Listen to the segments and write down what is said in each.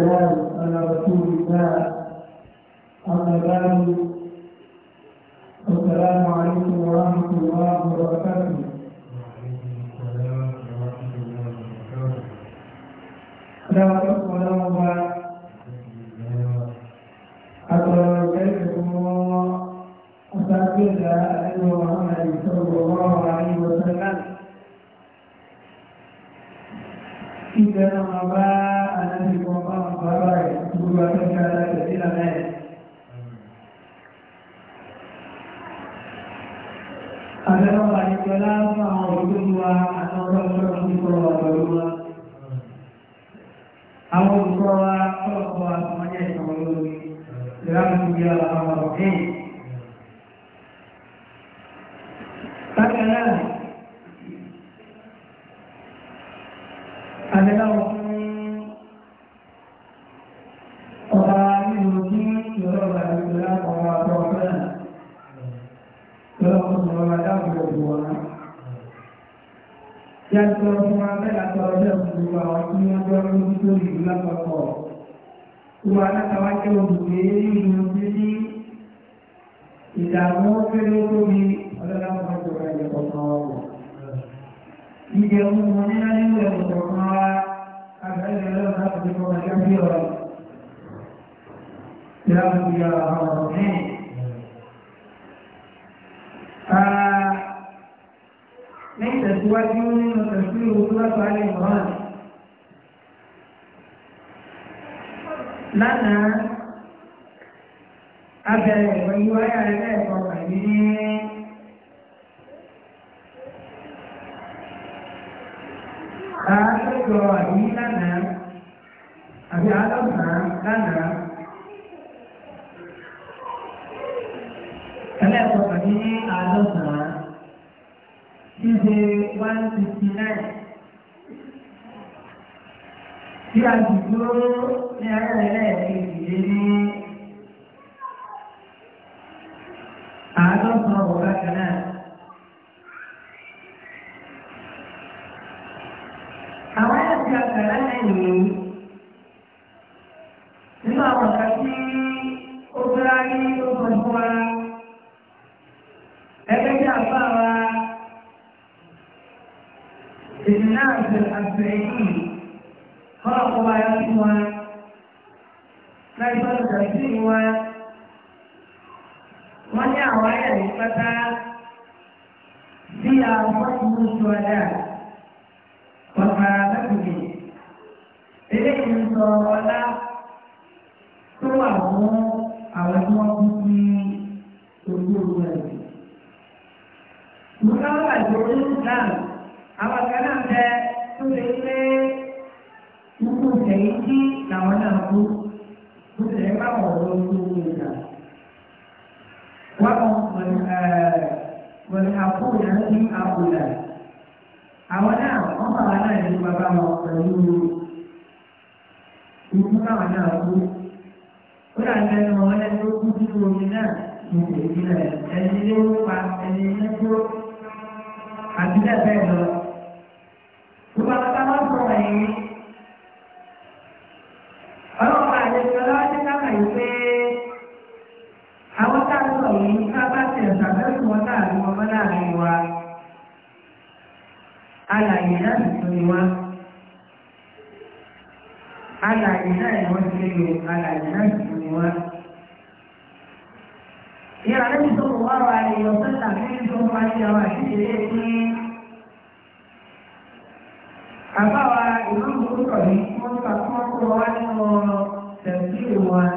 والسلام على رسول الله أما بعد السلام عليكم ورحمة الله وبركاته Assalamualaikum warahmatullahi Tiga nama pọ̀ ìwà alákàwájẹ́ olùgbé ìlú ti ní ìdààmú fẹ́rẹ́ lórí ọlọ́láwọ́ ìjọba ìjọba kan ọ̀rọ̀ ìjẹ ohun wọn ní láti ń lẹ̀kọ̀ kọ̀ọ̀kan wá àgbáyé ọlọ́run láti fi kọ́ ọjọ́ bí ọ̀rọ̀ ìlànà ìyá àwọn ọ̀rọ̀ mẹ́rin lẹ́yìn tẹ̀síwájú nínú lánàá abẹ̀rẹ̀ ìwọ̀n yíwá yà rẹ̀ lẹ́ẹ̀kọ́ pàdé ní àádọ́jọ́ àbí lánàá àbí àádọ́sàn lánàá ẹlẹ́ẹ̀kọ́ pàdé ní àádọ́sàn ṣíṣe one fifty nine tí a ti dúró ní ẹ̀rẹ́rẹ́ ìdílé ní àádọ́sán ọ̀gá kan náà. àwọn ẹ̀yà tí a kà lálẹ́ yìí nínú àwọn tí ó gbéra ní ọkọ̀ fún wa ẹgbẹ́ tí a bá wa ìdílé náà ṣe àgbẹ̀yìn wọn láì sọ́dọ̀ tẹ̀sí wọn wọ́n ní àwọn ayẹ̀ ní pátá sí àwọn ìlú ṣọ́dá ọ̀pá lẹ́kùnrin eléyìí ń sọ ọlá tó wà fún àwọn tí wọ́n àbúlà àwọn náà wọ́n bàbá náà ní bàbá wọn pẹ̀lú ìlú káwọn náà kú ó dà ní ẹnu wọn ẹni tó kú sí omi náà ní ìpínlẹ̀ ẹni ilé ó pa ẹni ilé tó àti bẹ́ẹ̀ bẹ́ẹ̀ lọ. Gbogbo àwọn táwọn sọ̀rọ̀ yìí ọlọ́pàá àlejò ọlọ́wọ́ ti ká yìí pé àwọn táwọn sọ̀rọ̀ yìí alàyè náà tuntun ni wọ́n alàyè náà ni wọ́n ti lè lò alàyè náà tuntun ni wọ́n. ìyá rẹ̀ ti sọ̀rọ̀ wá wa lè yọ sọ́tà fún ìlú ọmọ àwọn àṣìṣe lé sí. bàbá wa ìlú ìgbòkútọ̀ ni wọ́n ta kí wọ́n kó wá nínú tẹ̀síì wọn.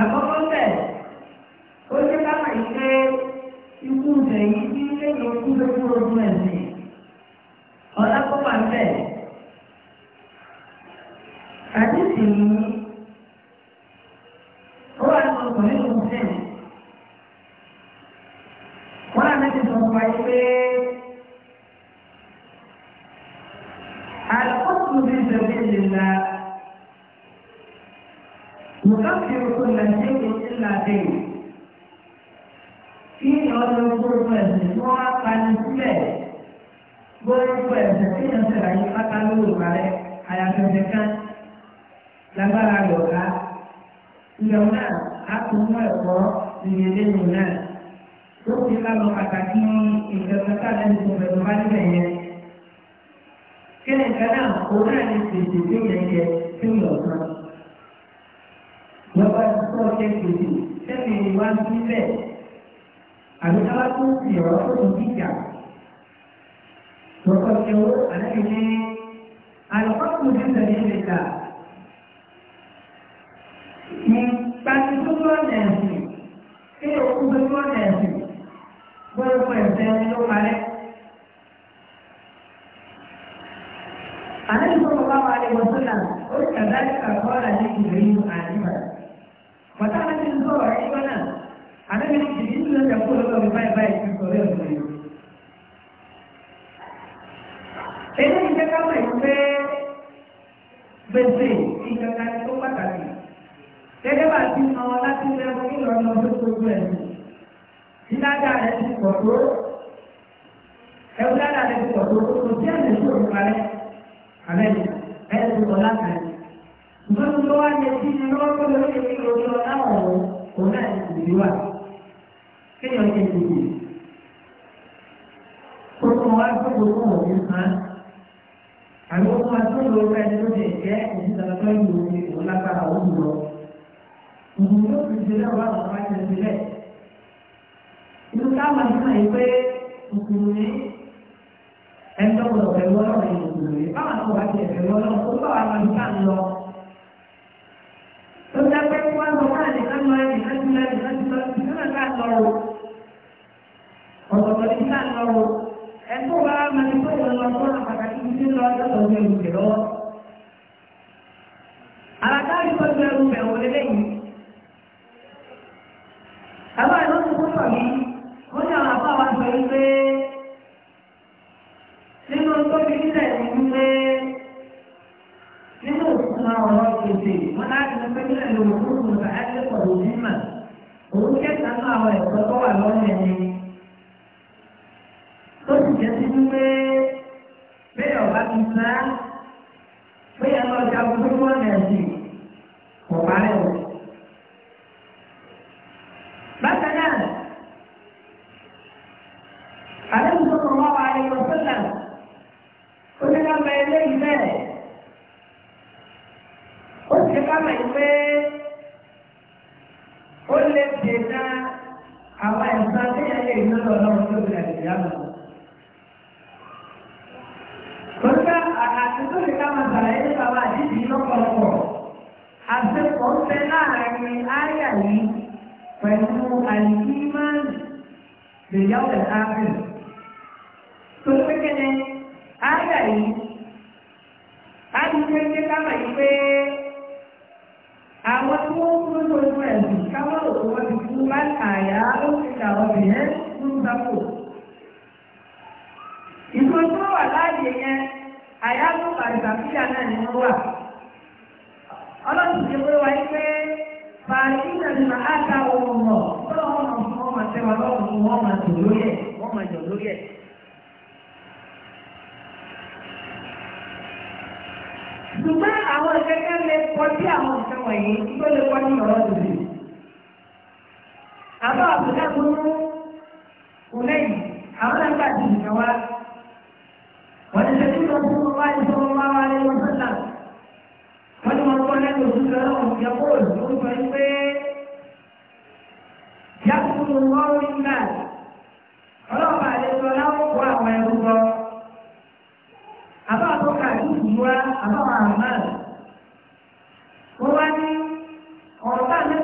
àkọ́kọ́. ilẹ̀ yìí tí lẹ́yìn ikú ló kúrò ọdún ẹ̀sìn ọ̀la kó wà bẹ́ẹ̀. àdìsí yìí ó wà ní ọkùnrin lòún sẹ́yìn. wọ́n á mẹ́tẹ̀ sọ fún wa yìí pé àlọ́kọ́sù bí ìṣẹ̀lẹ̀ lè la nǹkan fi òkú làṣẹ́ ìṣẹ̀lẹ̀ àdéhùn. في علم ẹ̀sìn tí wọ́n á pani sílẹ̀ gbogbo ẹ̀sìn tí yẹn ṣẹlẹ̀ yìí pátá lóru rẹ̀ àyàfi ẹ̀sìn kan lágbára lọ́ka ìyẹn náà á tún mọ́ ẹ̀kọ́ ìrèlè mi náà tó fi ká lọ pàtàkì ìjọba sáà lẹ́nu tó bẹ̀rù kíni kaná òun náà ní tètè tó yẹ kẹ tó yọ kan. Lọ́wọ́ ẹ̀sọ́ ṣe tètè sẹ́mi wá sílẹ̀ àbí ká bá tó ń fi ọ̀rọ̀ tó ń kíkà lọ́kọ̀ tí ó àlẹ́ ní alùpàpù ní ìtẹ̀lé ìlẹ̀ta ìpàdé tó tó ọ̀nà ẹ̀sìn kí òkú tó tó ọ̀nà ẹ̀sìn gbọ́dọ̀ fún ẹ̀sẹ̀ ẹni ló parẹ́. Àlẹ́ ìfowópamọ́ bá wà lè wọ́n sọ́nà ó kàdá ìkàkọ́ àlejò ìlú àlẹ́ mi ti ní ìlú ẹ̀kọ́ lọ́wọ́ mi báyìí báyìí ti sọ̀rọ̀ ẹ̀kọ́ yìí. eléyìí jẹ́ ká mọ̀ pé gbèsè ìjọba ni tó pàtàkì gẹ́gẹ́ bá ti mọ láti lẹ́wọ́ ìlọ́nà tó tójú ẹ̀ ìdájà rẹ̀ ti pọ̀ tó ẹ̀wù dájà rẹ̀ ti pọ̀ tó kò sí ẹ̀mí tó ń parẹ́ àlẹ́ mi ẹ̀ ti pọ̀ láti ṣùgbọ́n tó wá yẹ kí ni lọ́wọ́ tó lórí ìlú ọjọ́ náà òun náà ti wà kéèyàn ṣe gbogbo kó ìlú òkùnrin báwọn àwọn ọba ti ẹ̀fẹ̀ lọ́wọ́ ó bá wà lọ́dún ká ń lọ. kamu untuk melihat kamu. Entahlah, masih pun dalam Al-Quran, apakah ini adalah sesuatu yang berbeda.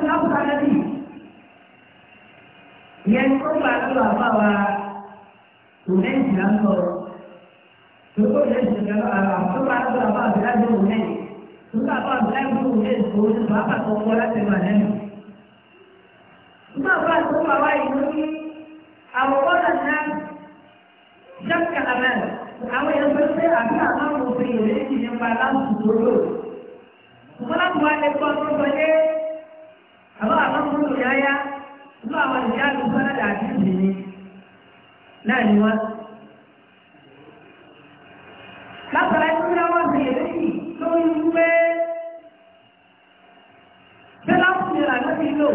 láti láwùjọ lẹ́bí. ìyẹn tó gbà lọ́wọ́ àbá wa kò lẹ́yìn ìlà ń sọ̀rọ̀. Gbogbo lẹ́yìn ìlà tó gbà lọ́wọ́ àbá àbílá jẹ́ òun lẹ́yìn. Nígbà àbá àbílá jẹ́ òun lẹ́yìn tó ń bá bàtọ̀ kọ́ láti wà lẹ́yìn. Nígbà àbá tó gbà wá ìlú ní àwọn ọ̀dà náà ṣẹ́kà àmẹ́rin. Àwọn èèyàn fẹ́ fẹ́ àbí àwọn òfin ìrètí nípa láti dúró. Mo láti wá ẹgbọ́n tó sọ àbá àbámúlò yáyá àbá àwọn ìyá àdúgbò aládàá àti ìdìní náà ni wọ́n. látara ẹgbẹ́ náà wọ́n bèèrè lẹ́yìn lórí wípé bẹ́lá fún ìlà náà ti lò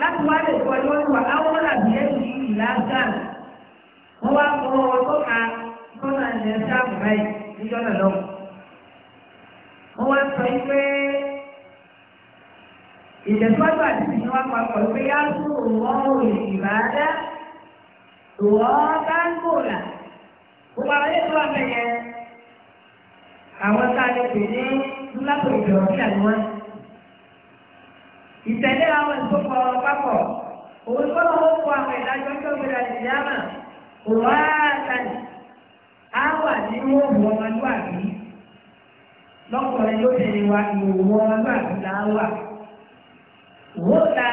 láti wá lè kọ́ ẹjọ́ ìwà áwọn àbí ẹ̀sìn ìlà gán wọ́n wá kọ́ ọ tó ka tọ́nà sáà níjọ́ náà lọ́wọ́. wọ́n wá sọ ìdẹ̀gbọ́gbà tí wọ́n wá papọ̀ pé yá tún òwò òyìn ìbáadá òwò dáńgòlà gbogbo àwọn yóò wà mẹ́yẹ àwọn tá a lè pè ní dúlápò ìdọ̀rọ̀ sí àwọn ìtẹ̀lé àwọn ìsopọ̀ papọ̀ òun kọ́ ló kó àwọn ìdájọ́ tó gbéra ìyáàmà òwò àtàlẹ̀ á wà ní òwò ọmọlúwàbí lọ́kùnrin ló tẹ̀lé wa ìwò ọmọlúwàbí là á wà wọ́ta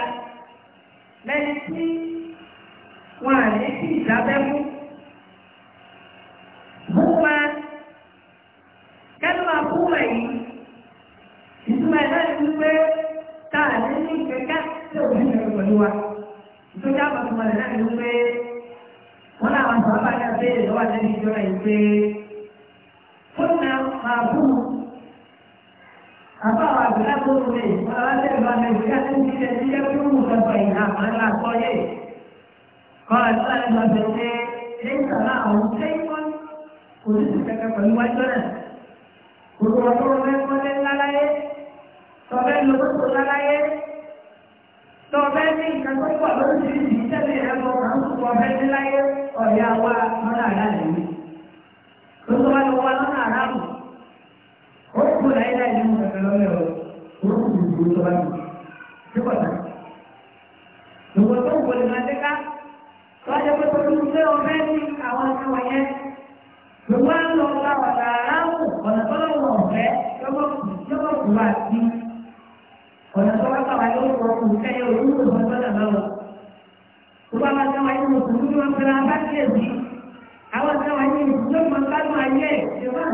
lẹ́ni tí wọ́n à ní kí ìdábẹ́ mú. Múwa kẹ́lú àbúwẹ̀ yìí, ìtumọ̀ ẹ̀dá ti pé táà ní ní ìgbẹ́ká tí òbí ìrìn pẹ̀lú wa. Ìtọ́jú àbàtúmọ̀ ẹ̀dá ti pé wọ́n láwọn sọ̀rọ̀ bá yà bẹ́ẹ̀ lọ́wọ́ àtẹ́ni yìí pé fún náà máa bú àbáwá àbúrá tó ń lè ọlọ́dẹ ìbá nàìjíríà tó ń tilẹ̀ sí ẹgbẹ́ òun kẹfà ìhà àmàlà àkọyé kọ́ àtúrà ìgbà bẹ̀rẹ̀ ní ìsàlá àwọn tẹ́wọ́n kò ní ti kẹ̀kẹ́ pẹ̀lú wájú náà gbogbo ọ̀tọ́ rẹ̀ mọ́lẹ́ láláyé tọ́fẹ́ lọ́wọ́sọ láláyé tọ́fẹ́ ní ìkàkọ́kọ́ lóríṣiríṣi tẹ́lẹ̀ ẹ̀mọ́ àwọn ọ̀fẹ́ níláyé ọ̀yà wa lọ́nà àdáyé gbogbo wa lọ́wọ́ lọ́nà àdáyé ó kú láíláí nínú kẹ̀kẹ́ lọ́lẹ̀ o ó kú gbogbo tó bá yìí ṣé kọ̀ náà. tó ń wọlé máa lọ́jọ́ pé tó tún lé ọmọ ẹ̀ àwọn akẹ́wọ̀n yẹn. Gbogbo á lọ ọ̀la ọ̀la aráwọ̀ ọ̀nà tó lọ́wọ́ ọ̀fẹ́ yọ́bọ̀ kù wá sí. Ọ̀nà tó wá sàwáyé ó wọ̀ kù kẹ́yẹ olúwo ọ̀gbọ́dọ̀ lọ́wọ́. Gbogbo àwọn akẹ́wọ̀n yẹn kò tún lé ọmọ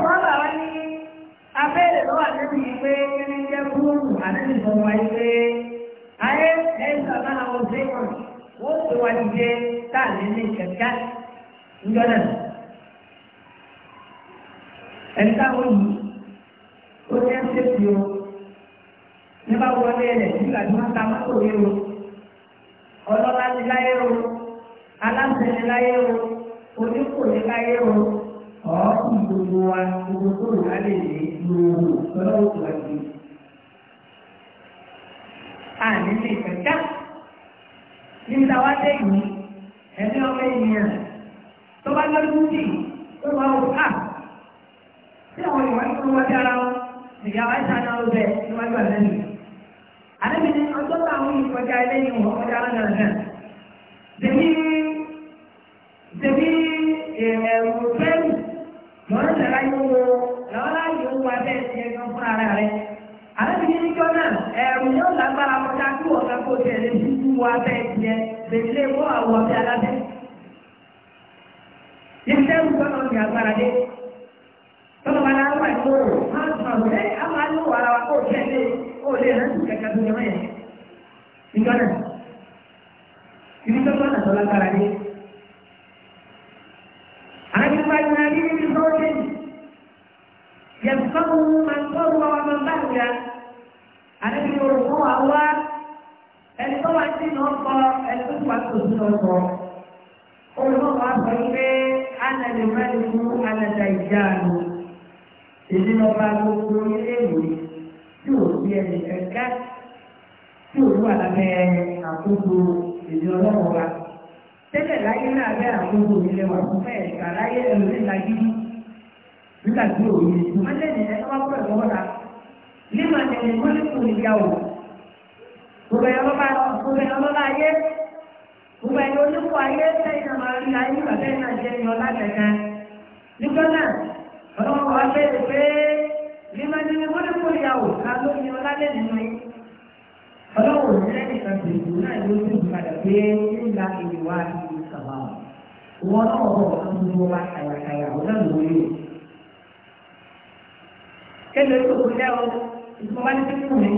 fún wa pé ayé ẹ̀sán náà wọ́n ṣe wọ́n wọ́n ṣe wá jíjẹ táàlẹ́ ní ńjọ́ náà. wọ́n yìí ó ní ẹ̀ṣẹ̀ fi o ní bá tí wọ́n ta mọ́tò yìí o ọlọ́lá láyé o aláṣẹ láyé o láyé o ọ̀ọ́ kù gbogbo wa gbogbo tó àní lè pẹ̀ká. Níbi táwa dé yìí, ẹ̀mí ọmọ ènìyàn tó bá lọ́dún sí tó bá wò ká. Tí àwọn ìwà ń kúrò wájú ara wọn, ìyá wa ṣáná ló bẹ̀ níwájú àlẹ́yìn. Àlẹ́mi ni ọjọ́ táwọn yìí kọjá ẹlẹ́yìn wọn kọjá ara náà náà. Dèbí dèbí ẹ̀rọ kú ọ̀gá kó tẹ̀ lé dúdú wọ abẹ́ ìjẹ bèlè wọ àwọ̀ ọ̀bẹ alábẹ́. Ìṣẹ́ ìgbọ́nà ti agbára dé. Tọ́lọ̀ bá láwọn àìkó rò máa ń sọ̀rọ̀ ẹ́ àwọn alówó ara wa kó tẹ̀ lé kó lè rántí kẹ̀kẹ́ tó yẹ mọ́yẹ̀. Ìjọ́nà. Ibi tó gbọ́nà tó lágbára dé. Àgbẹ̀fà ìrìn àrí níbi tó dé. Yẹ̀fọ́ wá sí ní ọkọ ẹni tó wà tó sí ọkọ olùkọ́ àgbà pé alẹ́ mẹ́rin fún alẹ́dà ìjà ni èyí lọ bá gbogbo ilé ìwé tí ò sí ẹnì kẹ̀kẹ́ tí ò wà lábẹ́ àkókò èyí ọlọ́wọ́ wa tẹ́lẹ̀ láyé náà bẹ́ àkókò ilé wa fún fẹ́ ẹ̀ka láyé ẹ̀rọ ní nígbà tí òye ìtumọ̀lẹ́ni ẹ̀ ọ́ bá bọ̀ ẹ̀ lọ́wọ́ ta nígbà tí mọ́lẹ́kùn ìyá òun. gbogbo ẹ̀yọ́ lọ́ba gbogbo ẹ̀yọ́ lọ́ba ayé gbogbo ayé sẹ́yìn náà máa rí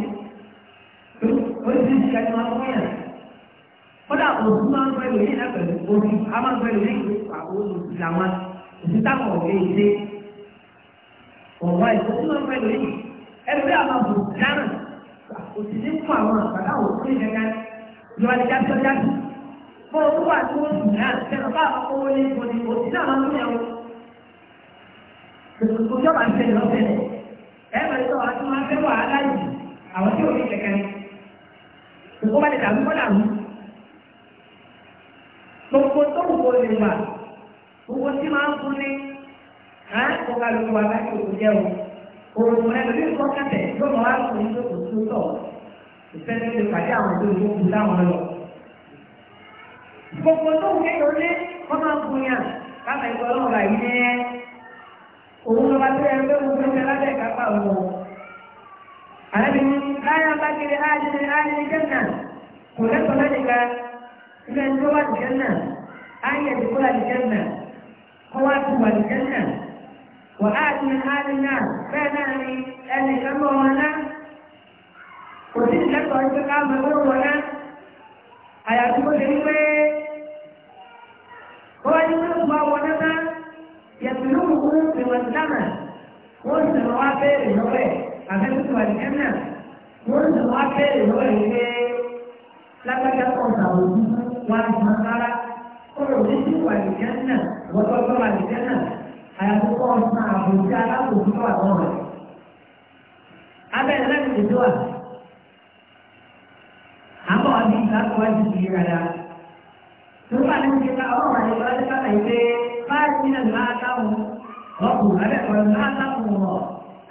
kan oríṣiríṣi ìṣẹ́ tí wọ́n fún yàn kódà òsì máa ń gbẹ lórí ẹ̀ pẹ̀lú orí a máa ń gbẹ lórí àwọn olùsí làwọn òsì táwọn ọ̀rẹ́ ilé ọ̀wọ́ ẹ̀ òsì máa ń gbẹ lórí ẹgbẹ́ àwọn òsì dáná òsì ní fún àwọn àgbàdo àwọn òsì ní ní jáde fún náà bá àwọn owó ní ipò ní òsì náà máa ń ọba ń ẹ̀ ó bá lè dàrú kọ́ dàrú. gbogbo tó wù kó lè wà gbogbo tí máa ń fún ní kó ká lóko láti òkú jẹ́ o. òun ẹni bí wọ́n kẹ́tẹ̀ yóò máa wá lóko ní òkú tó tọ̀ ìfẹ́ tó lè pàdé àwọn tó lè kú láwọn lọ. gbogbo tó wù kéèyàn lé wọ́n máa ń fún yàn káfíńtì ọlọ́run àyè òun ló bá tẹ́ ẹ pé mo fẹ́ lábẹ́ ìkápá òun àlẹ́ mi láyà bá kiri áàdì ní áàdì ní jẹ́nà kò lẹ́tọ̀ọ́ lẹ́nìkà ilé tó wà ní jẹ́nà áàyè ìdìbò wà ní jẹ́nà kó wá ti wà ní jẹ́nà wà áàdì lọ́wọ́ ẹ̀ àbẹ́kùtù àdìgẹ́nà wọ́n ti wá bẹ́ẹ̀ lọ́wọ́ yìí pé lágbájá kan sàwọn wà ní mọ́tàrà kọ́rọ̀ méjì wà àdìgẹ́nà wọ́tọ́tọ́ àdìgẹ́nà àyàtúkọ́ ọ̀sán àbòjì alábòjútó àwọn rẹ̀. abẹ́rẹ́ láti ṣètò à àmọ́ ọdún ìgbàgbọ́ ti di rárá. Nígbà tí mo ti ka ọ̀rọ̀ rẹ̀ lọ́dún kábàáyé pé báyìí nínú àtàwọn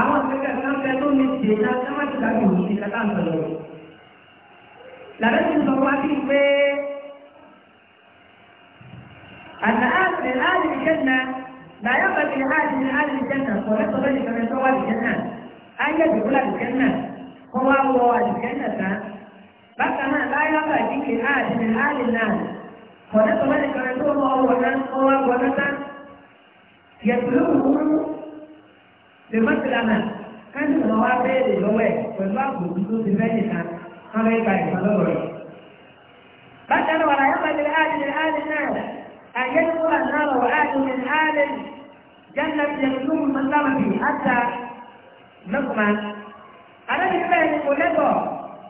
àwọn akẹ́kẹ́ kan fẹ́ tó ní dènà sáwájú láti wò ní kàtà sọ̀rọ̀ rẹ̀. Làbẹ́ ti sọ wá sí pé àná àti àti ìjẹ́nà láyé pàtì àti àti ìjẹ́nà sọ̀rọ̀ sọ̀rọ̀ ní kàtà sọ̀rọ̀ àti ìjẹ́nà ayé ìdìbò láti ìjẹ́nà kọ́ wá wọ àti ìjẹ́nà tán. Bákan náà láyé pàtì àti àti náà sọ̀rọ̀ sọ̀rọ̀ ní kàtà sọ̀rọ̀ ọ̀wọ̀ náà kọ́ wá wọ náà tán. Yẹ̀tùlú tèmátìlánà káńtì ọ̀nà wa béèrè lọ́wọ́ ẹ̀ pẹ̀lú àgbòkú tó ti fẹ́ nìkan káwé gba ìfọlọ́wọ́ rẹ̀. bákan náà wàrà yàgbà lè áàdì lè áàdì náà àyẹ̀dùkú àdáàrọ̀ wà áàdì lè áàdì jẹ́nà tiẹ̀ lóhùn mọ́tàmùbì àtà lọ́kùnmá. àdájọ́ ìfẹ́ ẹni kò lẹ́tọ̀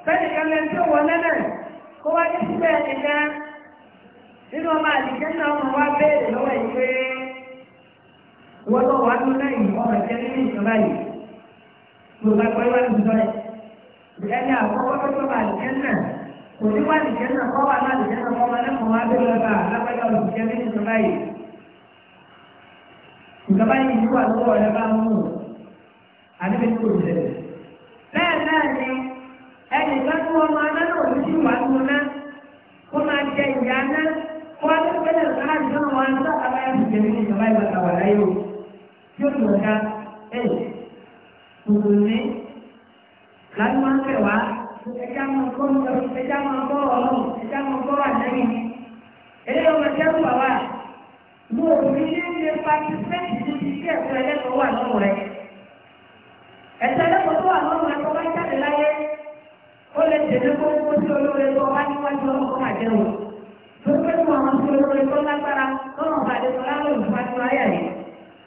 fẹ́ẹ̀ni kan tó wọ lẹ́nà kó wá ní síbẹ̀ nìkan nínú ọmọ àdìjẹ́ náà wọ́n wá béèrè lọ́wọ́ wọ́n tó wà tó lẹ́yìn ọmọ ìṣẹ́ nínú ìṣọ́lá yìí tó bá pẹ́ wá ní sọ́yìn. ẹni àkọ́kọ́ tó tó bá náà kò ní wá àdìjẹ́ náà kọ́ wá láàdìjẹ́ náà kọ́ wá lẹ́kọ̀ọ́ wá bẹ́ẹ̀ lọ́ba lápẹ́yà òṣìṣẹ́ nínú ìṣọ́lá yìí. ìjọba yìí ní wà lọ́wọ́ rẹ bá mú àdébẹ̀ tó rẹ̀. bẹ́ẹ̀ náà ni ẹnì kan tó ọmọ anáná òun sì wà tó ná kó máa jẹ ìyá ná kó wá tó yóò tó ẹ̀ka ẹ̀ mùsùlùmí láti máa ń fẹ̀ wá ẹja máa kọ́ ní ọdún ẹja máa bọ́ ọlọ́run ẹja máa bọ́ àdáyé ẹ̀yẹ́ ọmọ ẹ̀jẹ̀ wà wá mo ò ní ṣe ń ṣe patisẹ́ẹ̀tì ní ti ṣe ẹ̀kọ́ ẹlẹ́kọ̀ọ́ wà lọ́wọ́ rẹ̀ ẹ̀sẹ̀ ẹlẹ́kọ̀ọ́ tó wà lọ́wọ́ rẹ̀ tó bá jáde láyé ó lè tẹ̀lé kókó sí olóore tó wá níwájú ọkọ̀ àjẹwò tó fẹ́ mú àwọn sí olóore tó lágbára lọ́nà àdéhùn láwọn olùfàdúrà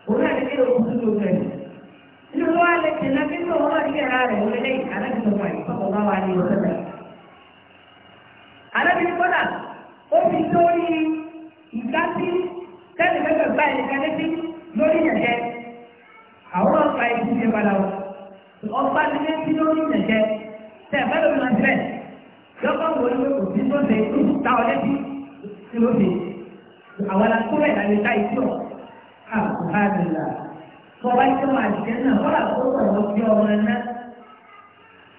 òun náà ní kí lóun tún lóun rẹ̀. Inú wa lè tẹ̀lé kí lóun wọ́n ní ara rẹ̀ wọlé lẹ́yìn alábi tó wà ìfọ̀kọ̀ bá wà ní ọ̀sẹ̀ rẹ̀. Alábi kọ́dà ó fi sórí ìgbásí kẹ́lẹ̀ mẹ́fẹ̀ bá ẹ̀ka létí lórí yẹ̀kẹ́. Àwọn ọ̀pá ẹ̀kú ṣe padà wọ̀. Ọ̀pá ti lé sí lórí yẹ̀kẹ́. Tẹ̀ bẹ́ẹ̀ ló máa àbúhádìlà bọ́bá tí wọ́n àṣìṣe náà wọ́n là tó sọ̀rọ̀ sí ọmọ iná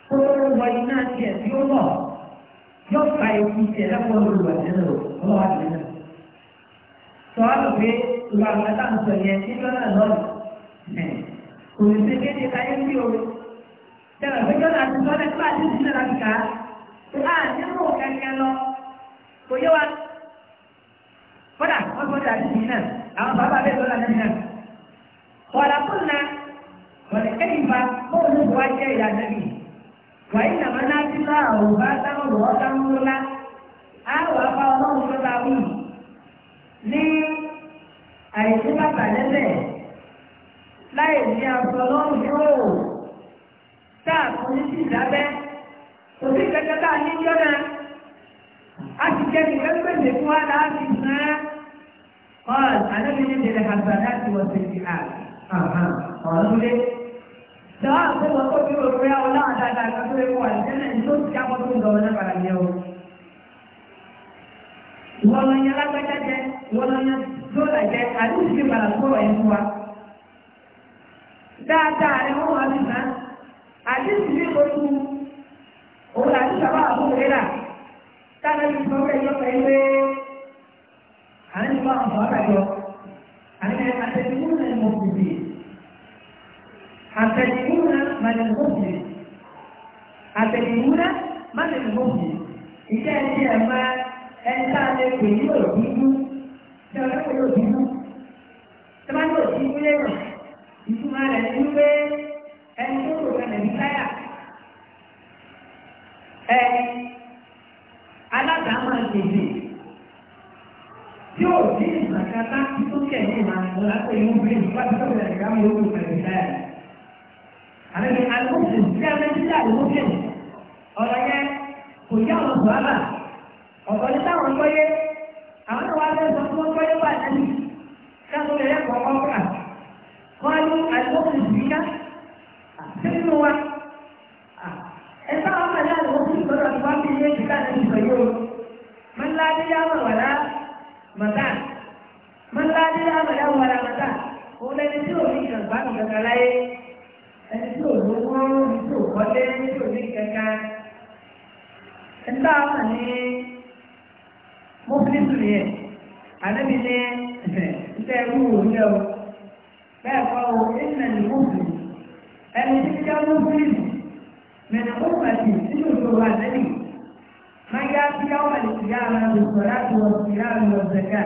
tó wọ iná tiẹ̀ tí ó lọ yóò fa ikú tiẹ̀ lẹ́kọ̀ọ́ olùwà nínú ọlọ́wà nínú. sọ̀rọ̀ lọ pé ìwà àgbàtà ń sọ yẹn ní lọ́nà lọ́nà kò ní ṣe kéde káyé ń bí omi. Tẹ̀lẹ̀ pé jọ́nà àti sọ́lẹ̀ tó àti ìdílé láti kà á. Á nínú kẹ̀kẹ́ lọ, kò yé wa. Kódà, wọ́n gbọ́dọ̀ àti ìdílé náà àwọn bàbá bẹ́ẹ̀ lọ́la náà náà kọ̀ọ̀lá fún na kọ̀ọ̀lá kẹ́yìn bá bóun ló wá jẹ́ ìyá nàbì wàyí nàmá náà ti bá àwọn bá sáwọn lọ́wọ́ sáwọn lọ́la á wà bá ọlọ́run tó bá wù ní àìsí bàbà lẹ́sẹ̀ láì ní aṣọ ọlọ́run yóò táà fún ní sí ìdábẹ́ òbí kẹkẹ táà ní jọ́nà á ti jẹ́ nìkan pèsè fún wa láti قال أنا من الحسنات والسيئات أها قالوا لي سواء كنت تقول الرؤيا أو لا أنا لا أقول لك وأنا أنتم كما تقولون على اليوم wọ́n yẹn lágbájá jẹ wọ́n yẹn lọ́la jẹ àdúgbò ti bàlá sọ̀rọ̀ ẹ̀ fún wa. dáadáa rẹ̀ wọ́n wà mí náà àdúgbò ti kọjú òun àti sábà àbúrò rẹ̀ rà táwọn ẹni sọ̀rọ̀ ẹ̀ yọ̀ pẹ̀lú ẹ̀ àní bá àwọn sọ̀rọ̀ àjọ àní ẹ̀ àtẹ̀síwò náà mọ̀ bìbì àtẹ̀síwò náà má lè mọ̀ bìbì àtẹ̀síwò náà má lè mọ̀ bìbì ìṣe ẹni ẹ̀ máa ẹni tá a lè pè ní òdìdú ṣé ọ̀rẹ́ tí ó ní ìgbàkátá tí tó kẹ̀ ní ìlànà láti inú bí ìgbà tí ó rẹ̀ ká mú lóko pẹ̀lú bẹ́ẹ̀. Àlẹ́ ni alóòsì tí a fẹ́ sílẹ̀ alóòsì ọ̀rọ̀ yẹn kò yá ọ̀rọ̀ sọ̀rọ̀ ọ̀rọ̀ ní táwọn gbọ́yé àwọn náà wá fẹ́ sọ fún gbọ́yé wà lẹ́nu káwọn lè rẹ̀ kọ̀ọ̀kọ́ kà wọ́n á ní alóòsì sí ká sí nínú wa. Ẹ bá wọn kàdé alóòsì lọ́dọ̀ tí wọ́n fi yé ìgbà lẹ́nu sọ yìí o. Mọ́lá màtá mọ́tà ní àmàlà wàrà màtà òun lẹni tí ò ní ìjàmbá kankan láyé ẹni tí ò ní wọ́n ní tí ò kọ́lé ní tí ò ní kankan ẹni tá a wà ní mọ́fílísù yẹn àdébí ní ìfẹ́ ìwúwo ní ọ bẹ́ẹ̀ kọ́ ọ ìfẹ́ ní mọ́fílísù ẹni tí kíkẹ́ mọ́fílísù mẹ́rin ó nínú ìṣòro àdébí máa yá sí yáwó àlèkìyà máa lè sọ láti wọ sí yá lè wọ zẹ̀ká.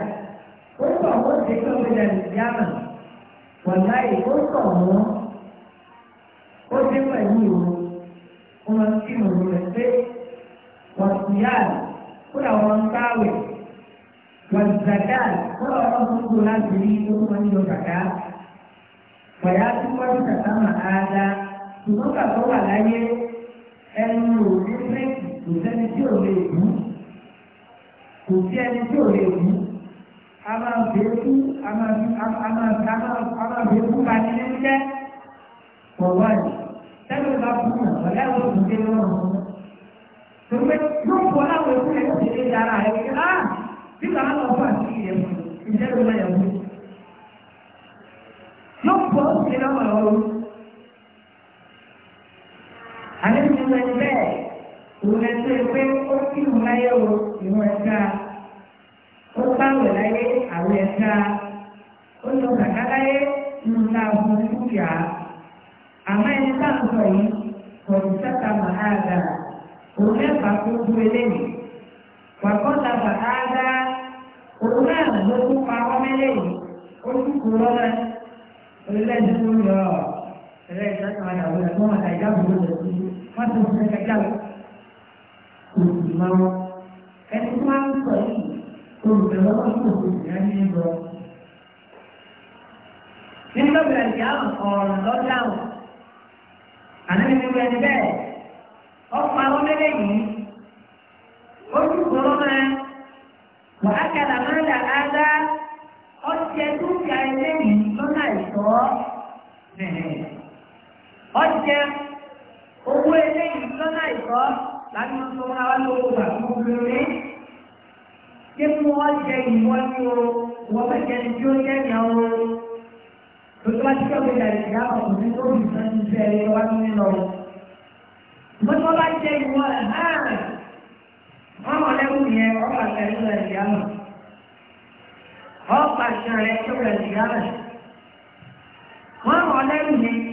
ó sọ wọ́n ṣe kí ọ̀gbìn àlèkìyà mà wọ̀n láyé ó sọ wọ́n ó dé pẹ̀lú ìwọ ó máa ń kí ìwọ rẹ̀ pé wọ́n sí yá kó làwọn ń báwẹ̀ wọ́n zẹ̀ká kó làwọn kò sẹ́ni tí ò lè bú kò sí ẹni tí ò lè a máa bèé kú a máa bèé kú ká ní ní jẹ́ pọ̀ wáyé bá kú náà ọ̀lẹ́ àwọn òṣìṣẹ́ lọ́wọ́ ọ̀hún. Tòun pé yóò láwọn èkú rẹ̀ ṣe é yára ẹ̀ ndị á bí kàá lọ fún àti ìyẹn ìjẹ́ ló ìwọ̀n ẹ̀sẹ̀ pé ó kí ìwọ̀n láyé o ìwọ̀n ẹ̀ka ó báwẹ̀ láyé àwọn ẹ̀ka ó lọ kàkà láyé ńlá ọmọ dúkìá àmọ́ ẹni tá à ń sọ yìí kò ní sáta màáda òun mẹ́fà tó dúró eléyìí wàkọ́ta màáda òun náà ló tún pa ọmọ eléyìí ó tún kú lọ́nà orílẹ̀ tó ń yọ ọ̀rẹ́ ìtọ́jú àwọn àdàbọ̀ ẹ̀kọ́ wọn àti ìdáàbòbò rẹ̀ wọ́n ti mú ẹ̀ka jáwé òṣìlọ́wọ́ ẹni tó máa ń sọ yìí olùrànlọ́wọ́ tó òṣìlọ́ ní lọ. nígbà bẹ̀rẹ̀ sí àwọn ọ̀rọ̀ lọ́dáwọ̀ àná ní gbogbo ẹni bẹ́ẹ̀ ọkọ̀ àwọn méjèèjì ó ti sọ̀rọ̀ máa wàá kàdà máa dà ága ọ̀sẹ̀ tó ń ga ẹlẹ́yìn lọ́nà ìtọ́ ọ̀sẹ̀ owó ẹlẹ́yìn lọ́nà ìtọ́ láti máa ń sọ fúnra wá ní owó ìgbà tó ń lò ní. Ṣé kí wọ́n jẹ ìwọ́n ní o, wọ́n fẹ́ jẹ tí ó jẹ́ ìyá o. Lójú wá sí ọ̀gbìn ìyá ìyá ọ̀gbìn ní tó bì sán ti fẹ́ ẹ mọ̀ lẹ́kùn yẹn, wọ́n bá ṣe Wọ́n mọ̀. Wọ́n yẹn.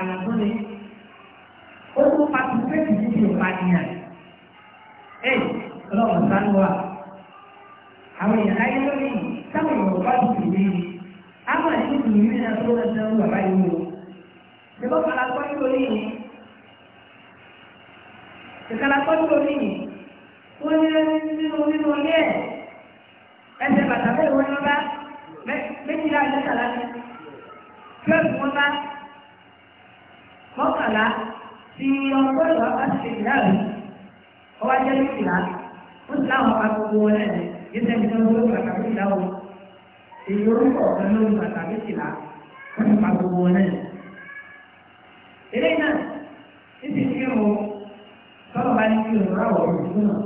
àyàn tó ní ó kó patisipéètì níbi ìpànìyàn ẹ ọlọ́run sánú wa àwọn èèyàn láyé lórí sáwọn èèyàn bá ti tì mí àwọn èèyàn ti mí náà tó lọ sẹ́nu bàbá yìí o ṣùgbọ́n kàlá pọ́jú lórí yìí ìkàlá pọ́jú lórí yìí ó ní nínú nínú ilé ẹ̀ ẹsẹ̀ bàtà bẹ́ẹ̀ wọ́n ní wọ́n bá méjìlá ẹ̀ṣẹ̀ kàlá ní twelve wọ́n bá mọ́kànlá tí ọgbọ́n ìwà bá ti ṣe ìdáàbò ọwọ́ ajẹ́ méjìlá ó sì láwọn apá gbogbo wọn náà ní ìṣẹ́ ìṣẹ́ olóró bàtà méjìlá o èyí orúkọ ọ̀kan lórí bàtà méjìlá wọ́n ti pa gbogbo wọn náà. eléyìí náà títí tí mo sọ̀rọ̀ bá ní kí o rà wọ̀ ọ̀rùn náà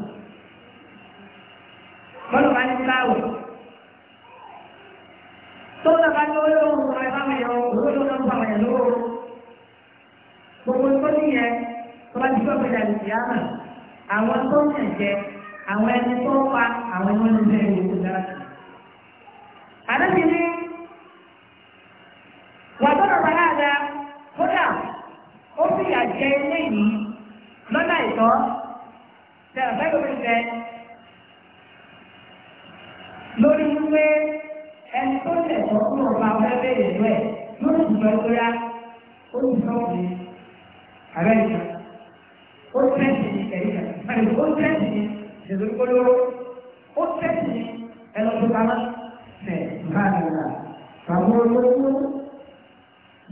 bọ́lá bá ní láwọ̀ tó ń bá ní olóró ọ̀rùn gbogbo tó níyẹn tó ti gbọ́ pé dàbí ìyá àwọn tó ń jẹ àwọn ẹni tó ń pa àwọn ẹni wọn ń bẹ ẹni tó àdébí ni wà tọ́nà bá kódà ó jẹ ilé yìí lọ́nà ìtọ́ tẹ ọ̀fẹ́ lómi jẹ lórí wípé ẹni tó lórí ìgbà ìgbéra ó Amẹ́ríkà ó tẹ́sí ní ẹ̀ríkà àti ó tẹ́sí ní ìṣèdúrókòlóró ó tẹ́sí ní ẹlọ́dúnkámá fẹ̀ báyìí bàbá olówó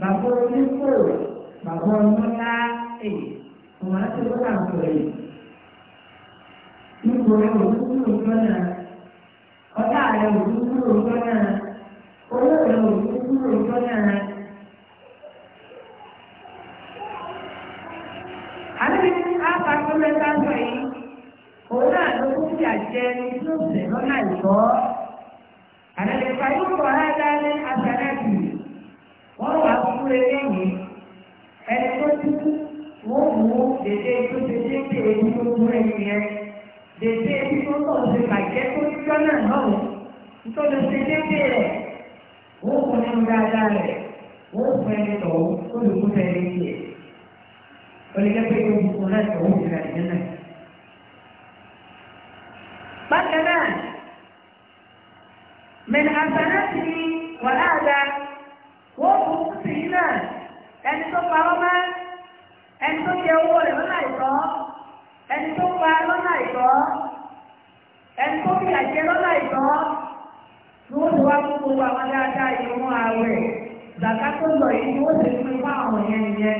bàbá onígbò bàbá ọlọ́lá èyí ọmọ láti lọ́wọ́ àwọn ọ̀rẹ́ nítorí òdúkúrò gbọ́nà ọ̀tá rẹ̀ òdúkúrò gbọ́nà owó rẹ̀ òdúkúrò gbọ́nà. àbẹ̀bí ní àpapọ̀ sọ yìí òun náà ló kún sí àjẹ ní tí lọ́nà ìgbọ́. àbẹ̀bí fa yóò kọ́ ní asanẹ́tì wọ́n wà fún eléyìí ẹni tó ti kú wọ́n mú dèdè tó ti dé èyí tó yẹn dèdè tí ṣe oníkẹ́kẹ́ yóò di sọ láti ọ̀hún ìrìn àjẹ́ náà. bákan náà mẹ́ni àgbàdo ti ní wàhálà àgbà wọ́n kú sí i náà ẹni tó pa ọmọ ẹni tó jẹ owó rẹ̀ lọ́nà àìtọ́ ẹni tó pa lọ́nà àìtọ́ ẹni tó fi àjẹ lọ́nà àìtọ́ ni wọ́n ti wá gbogbo àwọn dáadáa yìí mú ààrẹ zàkà tó lọ yìí ni wọ́n ti fún ipá àwọn yẹn yẹn.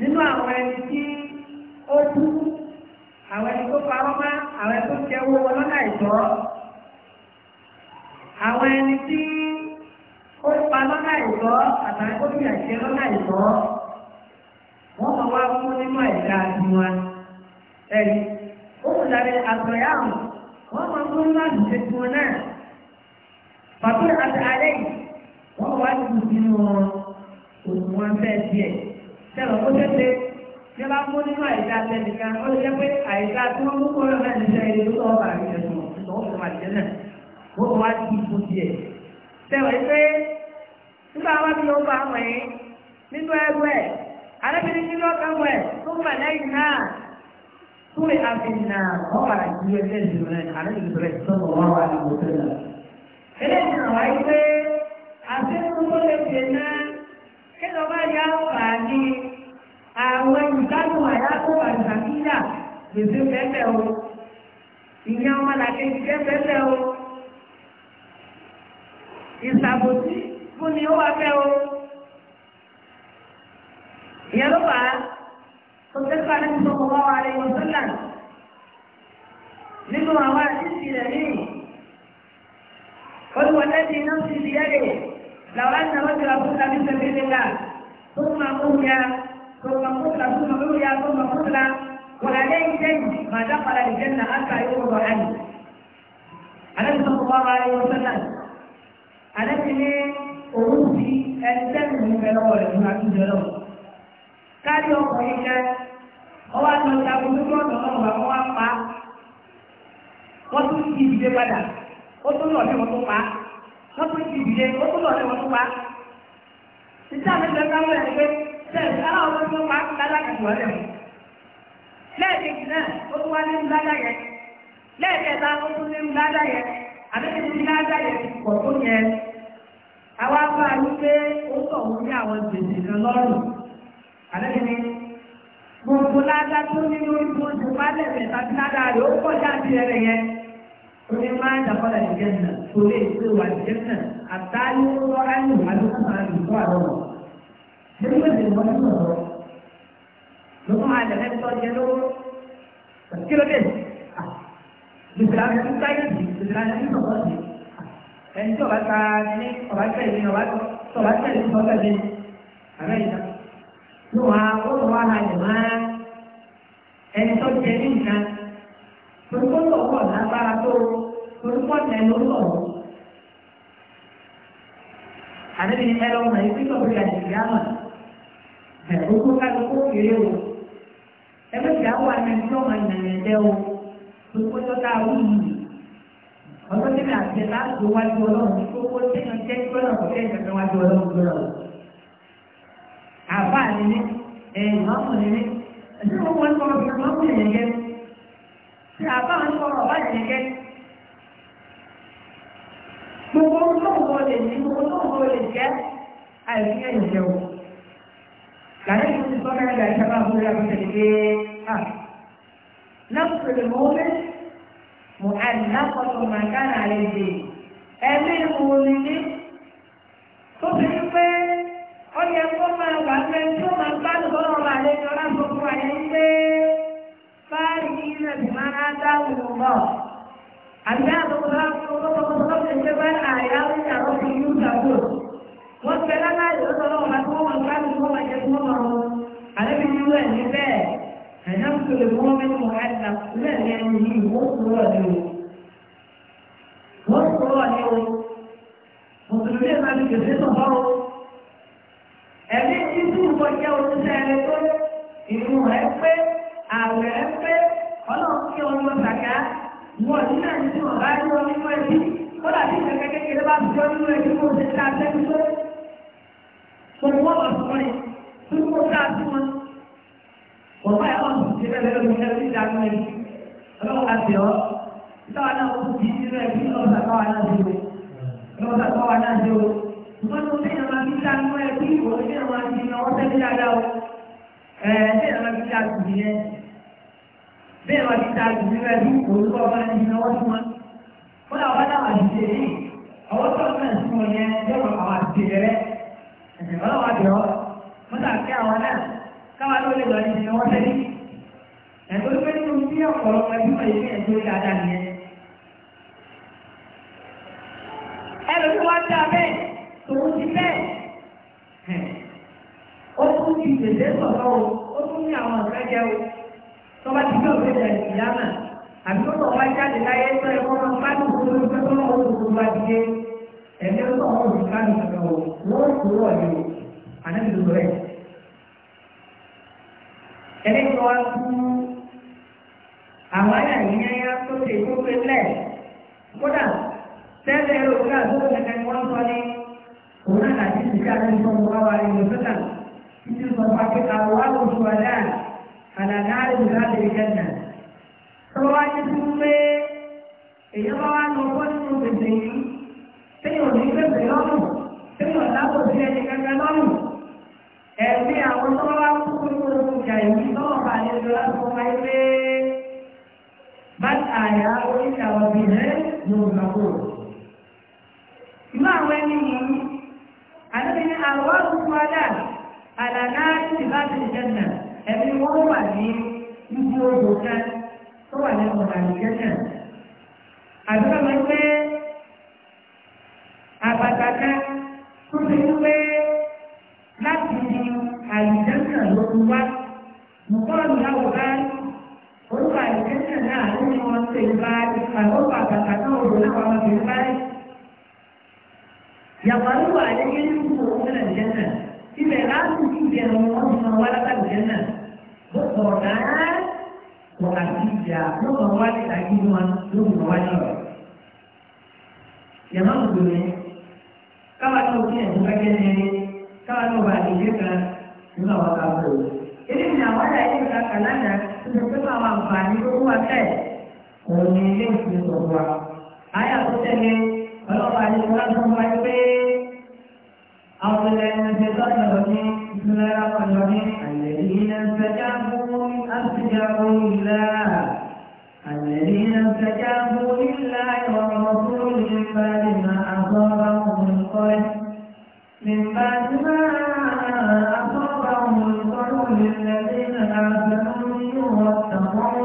nínú àwọn ẹni tí ó kú àwọn ẹni tó parọ́ má àwọn ẹni tó jẹ owó wọn lọ́nà àwọn ẹni tí ó pa lọ́nà ìtọ́ àtàwọn tó fi àṣẹ lọ́nà ìtọ́ wọ́n mọ̀ wá fún nínú ẹ̀dá àti ẹ̀rí ó kù dáre àtọ̀yà wọ́n mọ̀ fún nínú àdùnṣe náà pàtó àti alẹ́ yìí wọ́n wá ti sínú tẹ̀lọ̀ kó tẹ́tẹ́ tí bá mú nínú àìsá tẹ́nìkan ó lè jẹ́ pé àìsá tí wọ́n mú kúrò náà ní sẹ́yìn ló tọ́ ọ̀bà àríyàn tó wọ́n fi máa jẹ́ náà wọ́n wá sí ipò tiẹ̀. tẹ̀wọ̀ yìí pé nígbà wá bí ó bá wọ̀ nínú ẹgbẹ́ arábìnrin nínú ọ̀kan wẹ̀ tó mà lẹ́yìn náà tó lè àfihàn náà wọ́n wà ní ìwòsàn náà. eléyìí náà wáyé jà gbèsè pẹ́pẹ́ o ìyá ọmọ làkejì jẹ́ pẹ́pẹ́ o ìsàbòsí fún ni ó wá fẹ́ o ìyá ló wà á tó tẹ́kọ̀ọ́ ní tó kọ́ wá rẹ̀ wọ́n sọ́là nínú àwọn àtìsí rẹ̀ ní olùwọ́lẹ́dì náà ti di ẹ̀rẹ̀ làwọn àti àwọn ìjọba fún tàbí sẹ́fẹ́ nílá tó máa mú ya tó máa mú ta tó máa mú ya tó máa mú ta. ولديه دين ما دخل الجنة حتى يرضى عنه النبي صلى الله عليه وسلم أنبي أوصي الدم من الأول ما في جلوه kárí ọkùnrin jẹ ọwọ́ àti ọjà gbogbo ọ̀dọ̀ ọ̀rọ̀ àwọn wá pa wọ́n lẹ́ẹ̀kejì náà ó tún wá ní ńláńlá lẹ́ẹ̀kẹta ó tún ní ńláńlá yẹn ní ńláńlá ti pọ̀ tó yẹn àwa bá a ó sọ̀ wọ́n ní àwọn gbèsè kan lọ́rùn gbogbo ládá tó ní lórí tó ti tàbí ládá rẹ̀ ó yẹn ó ní máa ń dàpọ̀lá tó wà rọ́rá ní ìwádìí fún àwọn lọ́wọ́ máa lẹ̀ lẹ́tọ́ jẹ lówó kí ló dé lùsìlá rẹ̀ tún táyé sí lùsìlá rẹ̀ tún sọ̀rọ̀ sí ẹni tí ọba ta ní ọba tẹ̀ ní ọba tó ọba tẹ̀ ní sọ́tẹ̀ ní àbẹ́ ìta ló wà ó lọ wà láyé máa ẹni tó jẹ ní kó kéré o ẹgbẹ́ ìjà wà ní ẹni tó máa yàn yàn jẹ́ o gbogbo tó dáa wù yìí ọjọ́ tí mi àti ẹ̀ láti wájú ọlọ́run gbogbo tí mi jẹ́ gbọ́dọ̀ kò tẹ́ ìjọba wájú ọlọ́run gbọ́dọ̀. àbá ni ní ìmọ̀ọ́mù ni ní ẹ̀sìn wọn wọ́n sọ̀rọ̀ bí ìmọ̀ọ́mù yẹn yẹ ṣé àbá wọn sọ̀rọ̀ ọ̀bá yẹn yẹ. gbogbo tó ń wọlé ní gbogbo tó ń wọlé jẹ́ àìsí ẹ̀yìn jẹun lànà ìlú ti sọ́nà ìgbà ìṣẹ́bà fún ìyá fún tẹ̀lé à lọ́pùpẹ̀lẹ̀ mọ́lẹ̀ mọ́ àìlápọ̀tọ̀ màkánà àlejò ẹ̀mí mo ní ní tó fi ń pé ó yẹ kó máa wà pé tó máa bá lọ́wọ́ ọ̀rọ̀ àlejò lásán fún àyè ń pé báyìí ní ilẹ̀ tí máa ń dá àyà ń yàrá fi yú wọ́n fẹ́ láláyè نفس المؤمن مؤلف لا يعني مصري مصري مصري ما بيجي تظهر ẹni títí ìfọ̀jẹ́ oníṣẹ́ ẹni tó ìlú rẹ̀ pé àwẹ̀ rẹ̀ pé ọlọ́run kí ọmọ sàkà wọ̀ nínú ẹni tí wọ́n bá rí wọn nínú ẹbí ó dàbí kẹ̀kẹ́ kékeré bá fi jọ nínú ẹbí kó ṣe ká sẹ́ni tó. Gbogbo wọn lọ sọ̀rọ̀ yìí, gbogbo ká sí wọn wọ̀pá ẹ̀kọ́ ti bẹ̀rẹ̀ lórí ẹgbẹ́ tí ìdáná ẹni ọlọ́wọ́ àti ọ́ ìtawà náà ó ti nínú ẹbí náà káwọn tó lè lọ ní ìṣẹ́ wọn tẹ́lẹ̀ ẹ̀tọ́ tó nínú sí ọ̀pọ̀lọpọ̀ ẹbí wọn yìí ẹ̀tọ́ ilé ada nìyẹn ẹ̀rọ tó wá dá bẹ́ẹ̀ tòun ti bẹ́ẹ̀ ó tún ti tètè sọ̀tọ̀ o ó tún ní àwọn ìrẹ́jẹ o tó bá ti gbé òwe rẹ̀ ìyá náà àbí tó tọ̀ wá jáde láyé tó ẹ̀ wọ́n máa bá tó kó lórí pé tó lọ́wọ́ tó kó wá dìde ẹ̀mí ó tọ̀ wọ́n òṣìkà nìkan o wọ́n ẹni tó wá kú àwọn àyà yìí yẹn yá tó ṣe kó pé lẹ̀ kódà tẹ́lẹ̀ ẹ̀rọ òkúta tó ń tẹ̀lé wọn sọ ní òun náà láti ṣiṣẹ́ àti ìfọ̀ wọn wà ní ìlọ́sọ́tà títí sọ fún akẹ́ àwọn àwòṣù àdá àdàdà àdìgbò láti rí kẹ́ńtà. tọ́wọ́ wá ti fún pé èèyàn bá wá lọ bọ́ nínú gbèsè yìí téèyàn ní gbèsè lọ́rùn téèyàn lábò ẹni kankan lọ́rùn ẹ̀mí àwọn tó wá kúkú ní ogun ìjà ìwé tó wọ́n bá lè lọ láti wọ́n máa pé bàtà àyà oríṣà ọ̀bì rẹ̀ yóò gbà kó. Ìlú àwọn ẹni yìí, àdébìnrin àwọn ọ̀dùnkún adà àlànà ti bá ti jẹ́nà ẹ̀mí wọ́n wà ní ibi odò kan tó wà ní ọ̀nà ìjẹ́nà. Àdúgbò máa ń pé àbàtà kan tó ti ń pé di àìjẹ́sà ló ń wá mọ̀kọ́rọ̀ ìyàwó bá orúkọ àìjẹ́sà náà ló ń wọn ṣe ìbá ìpàgọ́pà bàtà náà òdò náà wọn ṣe bá rẹ̀. yàtọ̀ nípa àdéhùn ní kúkú òun náà jẹ́sà ibẹ̀ láti kí ìjẹ́ ọmọ wọn ti máa wá látàgbé jẹ́sà ló pọ̀ náà kò àti ìjà ló máa wá ní àyè wọn ló máa wá ní ọ̀rọ̀. yàtọ̀ nípa káwá náà káwọn ọba àdìgbé kan nínú àwọn káwọn òwe. Ilé ìjà àwọn ọjà ilé ìjà kan lánàá tó ti pín àwọn àǹfààní tó wà bẹ́ẹ̀ òun ni ilé ìsìn sọ̀rọ̀ wa. Àyà tó tẹ̀lé ọlọ́pàá àdìgbé wọn tó ń wá pé àwọn ilẹ̀ ń ṣe sọ́dọ̀ lọ́ní ìṣúná ẹ̀rọ lọ́ní àlẹ́yìn ẹ̀ńsẹ̀já fún àṣìjà fún ìlà. الذين استجابوا لله والرسول من بعد ما أصابهم القرح من بعد ما أصابهم القول للذين آمنوا واتقوا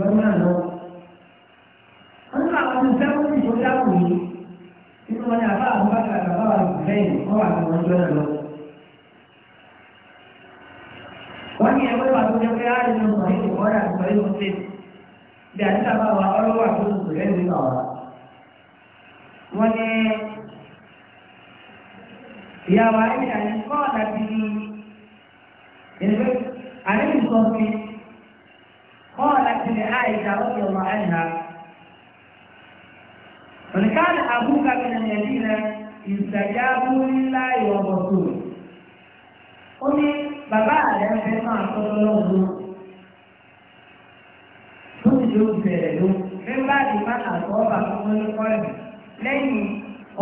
lọ́nà àná. wọ́n ní àwọn ọmọ ìṣẹ́wọ́n ndị ìṣòro dáhùn yìí nínú wọn ni àbá àbúbákà àbá àbúbẹ́yìn wọ́n wà ní wọn lọ́nà lọ. wọ́n ní ẹgbẹ́ pàtó jẹ́ pé áàrùn ní ọmọ yìí kọ́ ọ́rẹ́ àgbọ̀ yìí wọ́n bí àdúrà bá wà ọlọ́wọ́ àtúntò lẹ́nu ìgbà wà. wọ́n ní ìyàwó ayé àyè kọ́ ọ̀dà bíi ẹgbẹ́ àyè ìsọ̀fin قالت لعائشة رضي الله عنها من كان أبوك من الذين استجابوا لله ورسوله ó ní bàbá rẹ̀ fẹ́ máa tọ́ lọ́wọ́ tó ti yóò bẹ̀rẹ̀ ló fẹ́ bá di máa tọ́ ọba fún wọn lọ́kọ́ rẹ̀ lẹ́yìn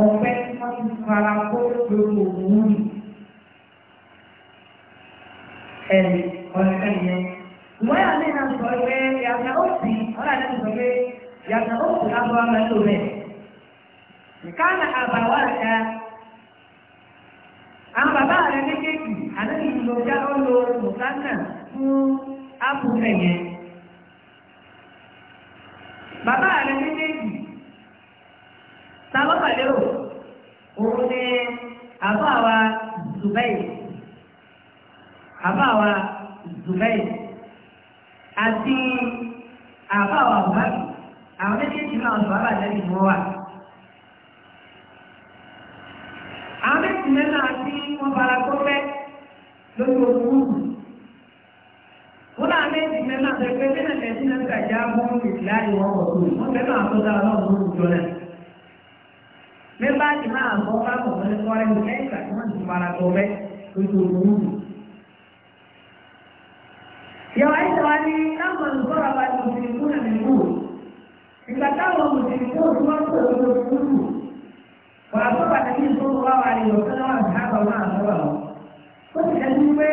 ọ̀pẹ tí wọ́n ti fara kó lórí òun ẹ̀rì ọ̀rẹ́ ẹ̀yẹ wọ́n yà ní ìnáwó sọ pé yàtọ̀ ó sì ọ̀rọ̀ àti sọ pé yàtọ̀ ó sì lábọ́ ọmọ ẹ̀lò rẹ̀. Nǹkan àbàwọ̀ ẹ̀ka àwọn bàbá rẹ̀ méjèèjì àlejò ìlò já ó lo mùsàkà fún ápù ẹ̀yẹ. Bàbá rẹ̀ méjèèjì sábọ́pà lérò òun ni àbáwa Zùbẹ́yì. Àbáwa Zùbẹ́yì àti àbáwọ̀ àbáyé àwọn méjèèjì náà sọ àbájáde ni wọ́n wà. àwọn méjì mẹ́ta tí wọ́n fara kó pẹ́ lórí ogun wù. wọ́n náà méjì mẹ́ta tẹ pé bí nàìjíríà ti náà gbàjá wọ́n ń rìn láàyè wọ́n wọ̀ tó wọ́n fẹ́ náà tó dára lọ́wọ́ lórí ìjọ náà. mẹ́bàá ti máa bọ́ fáwọn ọ̀gbọ́n ní kọ́rẹ́ ní ẹ̀ka tí wọ́n ti fara kó pẹ́ lórí ogun wù yawaita wani kama nzora wa muslimuna minguu ikatawa muslimuna kuwakouu wàbọ̀bà tàbí ìṣòro wa wà lẹ́yìn ọ̀sán náà sábà máa sọ̀rọ̀ lọ. ó sì dájú pé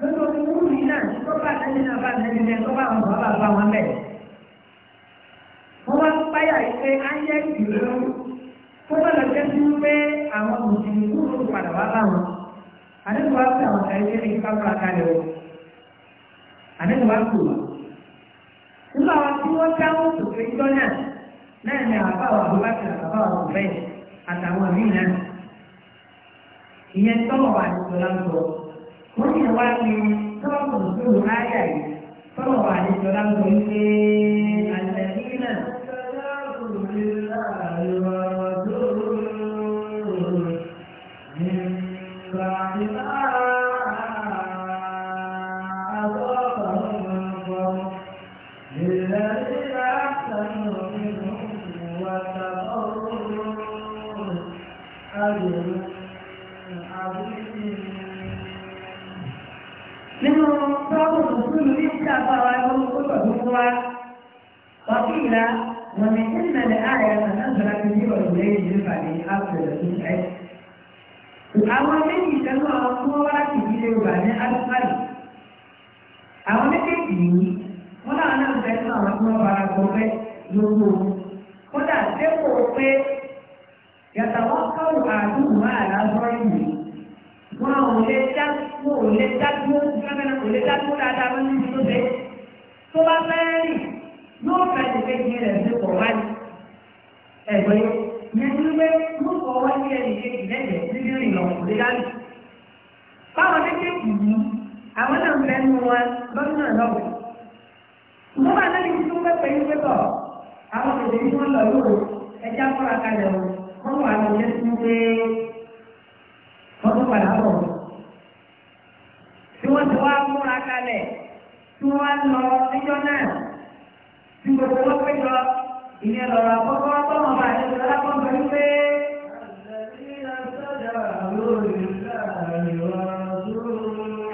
lójú omi wúrú yìí náà tó bá tẹ́lẹ̀ náà bá tẹ́lẹ̀ náà tó bá wọn bá bá wọn bẹ̀. wọ́n wá páyà yìí pé á yẹ ìlú tó bá lọ jẹ́sí pé àwọn mùsùlùmí wúrú padà wá bá àdéhùn bá kù wá. Nígbà wa tí wọ́n dáwọ́ sòkè ìjọ náà náà ní àbáwọ̀ àbúbákẹ́ àbáwọ̀ ọ̀bẹ́ àtàwọn míì náà. Ìyẹn tọ́wọ̀ wà ní ìjọba ń bọ̀. Wọ́n ní ìwà ni tọ́wọ́ kò sí òun láyà yìí. Tọ́wọ̀ wà ní ìjọba ń bọ̀ ní àtẹ̀lí náà. أعطى وأنه كل جمعة وقيل ومن إن الآية من أنزل به والليل يفعل أفضل الشيء àwọn méjì sẹ́nu àwọn tí wọ́n wá láti ìdílé wà ní alùpàdé àwọn méjèèjì yìí wọ́n náà náà bẹ́ẹ̀ sọ àwọn tí wọ́n fara gbọ́ pé lóko kódà dépò pé yàtọ̀ wọ́n kọ́wọ́ àdúgbò máa lásán yìí wọn ò lè dá wọn ò lè dá dúró gbẹ́mẹ́rẹ́ kò lè dá dúró dáadáa wọn níbi tó fẹ́ tó bá fẹ́ rìn yóò fẹ́ ti fẹ́ yẹn rẹ̀ ṣe pọ̀ wáyé ẹ̀gbẹ́ yẹn ti gbé wọn kọ̀ wáyé ẹ̀ nìkejì lẹ́jẹ̀ níbi rìn lọ kò lè dá rìn. báwọn méjèèjì yìí àwọn náà fẹ́ nu wọn lọ́dún náà lọ́wọ́ mo máa lẹ́nu tí ó fẹ́ pẹ́ yín pé bọ̀ àwọn òṣèlú wọn lọ yóò ẹja fọ́ra kalẹ̀ o wọ́n wà lọ wọ́n tún padà bọ̀. Tí wọ́n ti wá múra kalẹ̀, tí wọ́n lọ níjọ́ náà, tí gbogbo wọn pé ìyẹn lọ̀rọ̀ àkọ́kọ́ tó bá àti ìjọba kan pẹ̀lú pé.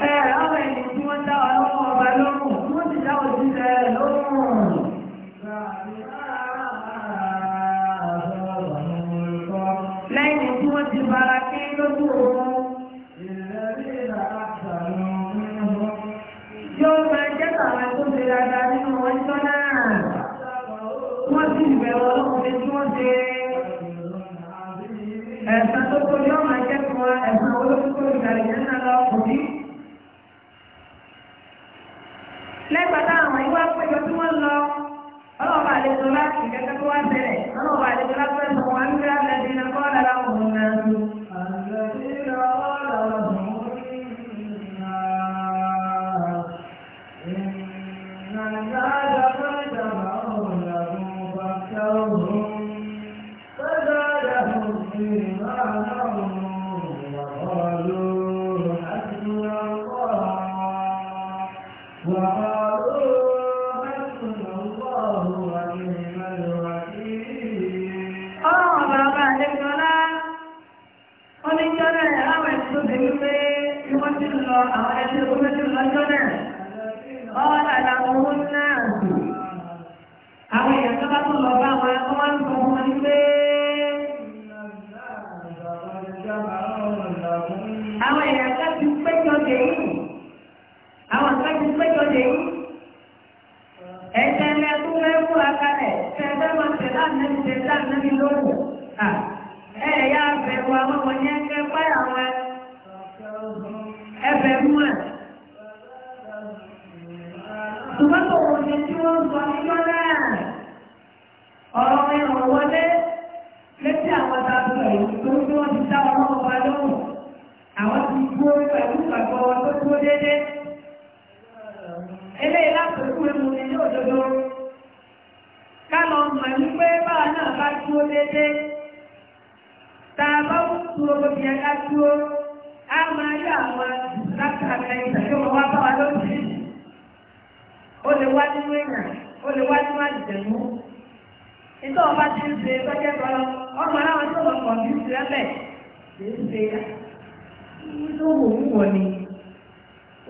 Ẹ àwọn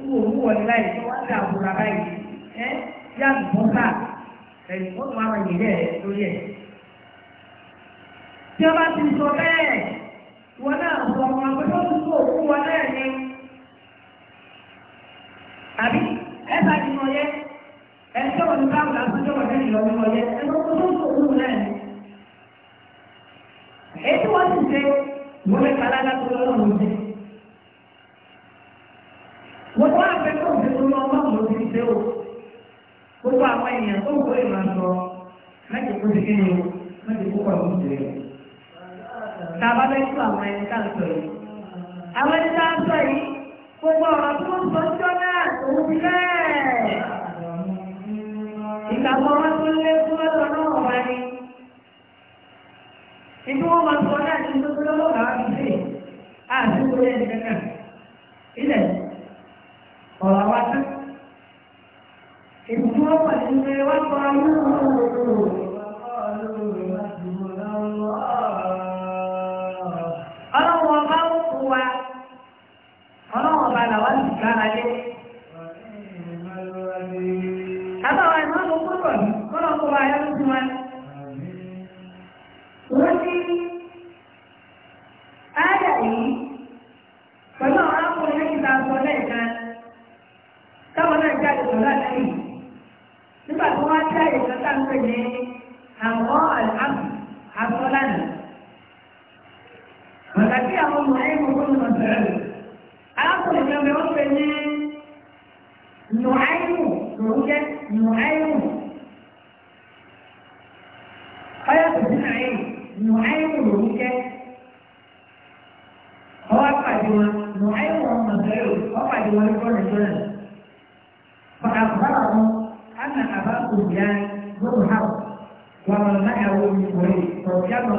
wò ó wọlé láyé tí wọ́n dà àbúrò báyìí ẹ yá àbúrò sáà ẹ̀yìn ó àwọn ìyẹn rẹ̀ lórí ẹ̀. tí wọ́n bá ti sọ bẹ́ẹ̀ wọn náà sọ ọmọ àgbẹ̀tọ́ tó tó òkú wọn náà ní. àbí ẹ bá ti mọ yẹ ẹ tí wọn bá wọn àti tí wọn bá ti yẹ ẹ lọ tó tó òkú wọn náà ní. èyí tí wọ́n ti ṣe wọ́n lè láti lọ́wọ́ lọ́wọ́ gbogbo akẹ́kọ̀ọ́ ti tó lọ báwo ló ti ṣe o gbogbo àwọn èèyàn tó kó ìmọ̀ sọ sí kíni o bẹ́ẹ̀ àwọn ẹni sọ yìí àwọn ẹni tá sọ yìí gbogbo ọ̀rọ̀ tó ń sọ sí ọ̀nà òun ti bẹ́ẹ̀. ìgbàgbọ́ wọn tó lé fún ọ̀dọ̀ náà ní. ìdí wọn máa sọ náà lọ́wọ́ ọ̀rọ̀ wa tán. tí wọ́n pàdé ní wọ́n ayé wọn.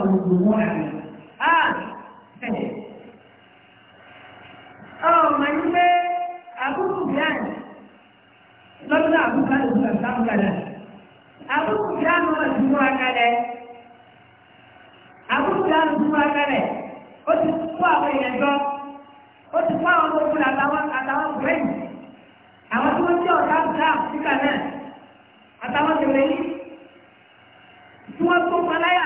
gbogbo wọn àmì ààrẹ ọmọ ní pé àbúkù bíáàni lọ́dún àbúkà lòdù àbúkàdà àbúkù bíáàni wọn ti mú akalẹ̀ àbúkù bíáàni ti mú akalẹ̀ ó ti kó àwọn èèyàn jọ ó ti kó àwọn ọmọ ogun àtàwọn àtàwọn bẹ́ẹ̀ni àwọn tí wọ́n jẹ́ ọ̀tá ọ̀tá síkà náà àtàwọn tẹ̀lé yìí tí wọ́n tó paláyà.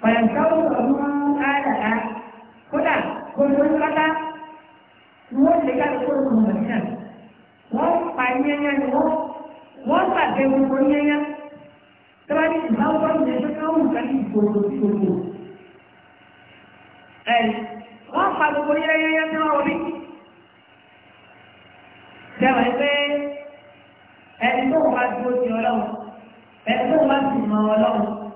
fàyànkáwò ọmọ àdàdà kódà gbogbo ńlọ́lá wọ́n lè jáde kó lóun mọ̀ náà wọ́n pa yẹ́yẹ́ ni wọ́n wọ́n gbàgbé gbogbo yẹ́yẹ́ tọ́wádìí ìbáwọ́ ìyẹn tó káwọn nǹkan ní ìgbòho ìgbòho ẹ̀ wọ́n pa gbogbo yẹ́yẹ́ tí wọ́n rí jẹ́wọ̀ ẹgbẹ́ ẹni tó wọ́n bá dúró sí ọlọ́run ẹni tó wọ́n bá sì mọ ọlọ́run.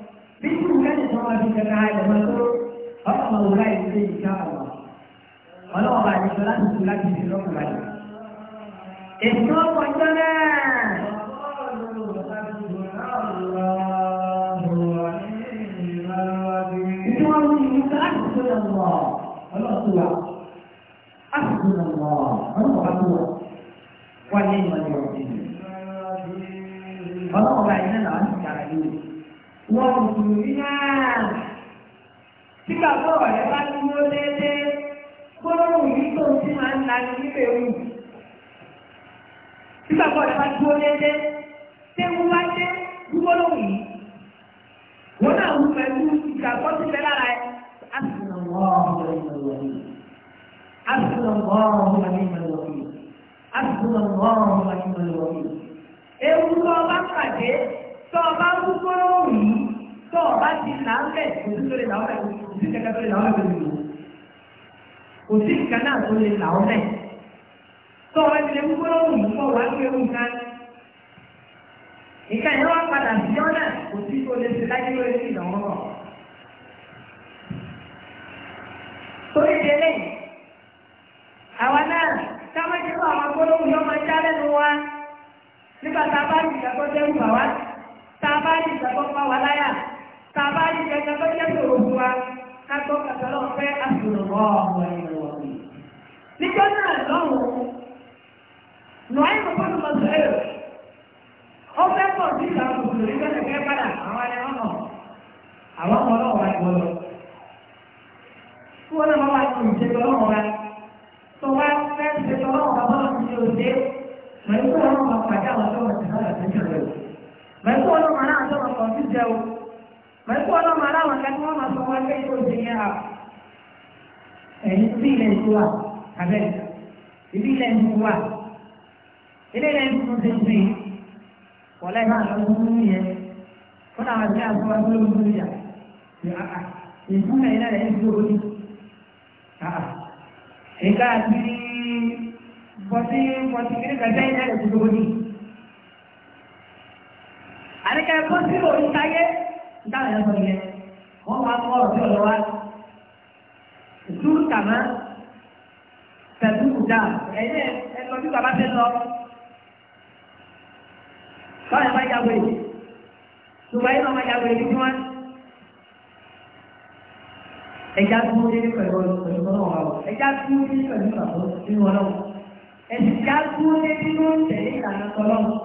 Bin bukan sama bisa kaya lepas tu, apa mau kaya itu insya wọn kò tún rí náà. Sígbà tó ọ̀rẹ́ bá dúró déédéé, gbólóhùn yìí tó ti máa ń lani níbẹ̀ rù. Sígbà tó ọ̀rẹ́ bá dúró déédéé, ṣé wọ́n wá dé gbólóhùn yìí? Wọ́n náà wù pẹ̀lú ìgbàgbọ́ sí bẹ́ẹ̀ lára ẹ̀. Àṣìlọ̀ wọ́n ọ̀rẹ́ ìmọ̀lẹ́ yìí. Àṣìlọ̀ wọ́n ọ̀rẹ́ ìmọ̀lẹ́ yìí. Àṣìlọ̀ wọ́n ọ̀rẹ́ ìmọ̀lẹ́ yìí. Ewu lọ bá pàdé tó o bá mú kóró yìí tó o bá ti là ń bẹ̀ kò sí tó lè là ọ́ bẹ̀ kò sí kẹ́kẹ́ tó lè là ọ́ bẹ̀ kò sí nǹkan náà tó lè là ọ́ bẹ̀ tó o bá ti lè mú kóró yìí tó o bá ti lè mú nǹkan nǹkan yẹn padà sí ọ́nà kò sí tó lè ṣe láyé lórí ìdánwò rọ̀ torí délé àwa náà táwọn ẹgbẹ́ àwọn agbólóhùn yóò máa já lẹ́nu wa nígbà tá a bá ti ìyàgbọ́ jẹ́rù bà wá a bá rí ìgbàgbọ́ pa wà láyà tá a bá rí ìgbàgbọ́ tó jẹ́ kòrò fún wa ká gbọ́ kàtà lọ́wọ́ fẹ́ àtùrọ̀mọ́ ọmọ ẹ̀rọ ọ̀gbìn. níjọ́ náà lọ́hùn nù ayé kòkó tó lọ sí ẹ̀rọ ó fẹ́ pọ̀ sí ìlànà òkùnrin nígbà tó fẹ́ padà àwọn ẹ̀rọ náà àwọn ọmọ náà wà ìwọ lọ. wọ́n náà wà ní ìṣèjọ náà wá tó wá fẹ́ ìṣèjọ náà wà bọ́lá ti ṣe òde mẹ́tọ́ náà wà pàdé àwọn tó wà sí náà lọ́sẹ̀ mọ̀lẹ́kú ọlọ́mọ aláwọ̀ ẹ̀ka tí wọ́n máa sọ wọ́n pé kó ṣe yẹn hà ẹ̀yìn sí ilẹ̀ ìlú wa abẹ́ ìbí ilẹ̀ ìlú wa ilé ilẹ̀ ìlú ti sí wọ́n lẹ́yìn àlọ́ ìlú yẹn fún àwọn àti àti wọn ló ń bú ìyà ìlú náà ilẹ̀ ìlú orí ìka àti bọ́sí bọ́sí kiri kàtẹ́ ilẹ̀ ìlú orí àríkà ẹ̀kọ́ sí òrùka yẹn dáhùn yẹn sọ yẹn wọ́n máa kọ́ ọ̀rọ̀ tí ò lọ wá. Ìdúró kàmá pẹ̀lú kùdà ẹ̀yẹ ẹ̀lọ́ bí bàbá fẹ́ lọ. Báwo ni wọ́n yàgò èyí? Ṣùgbọ́n yìí wọ́n yàgò èyí tí wọ́n. Ẹja tó ń délé pẹ̀lú pẹ̀lú ọlọ́wọ́ wa o. Ẹja tó ń délé pẹ̀lú ìgbàgbọ́ nínú ọlọ́wọ́. Ẹja tó ń délé nínú ìtẹ̀lé ìlànà tọ́lọ́wọ́.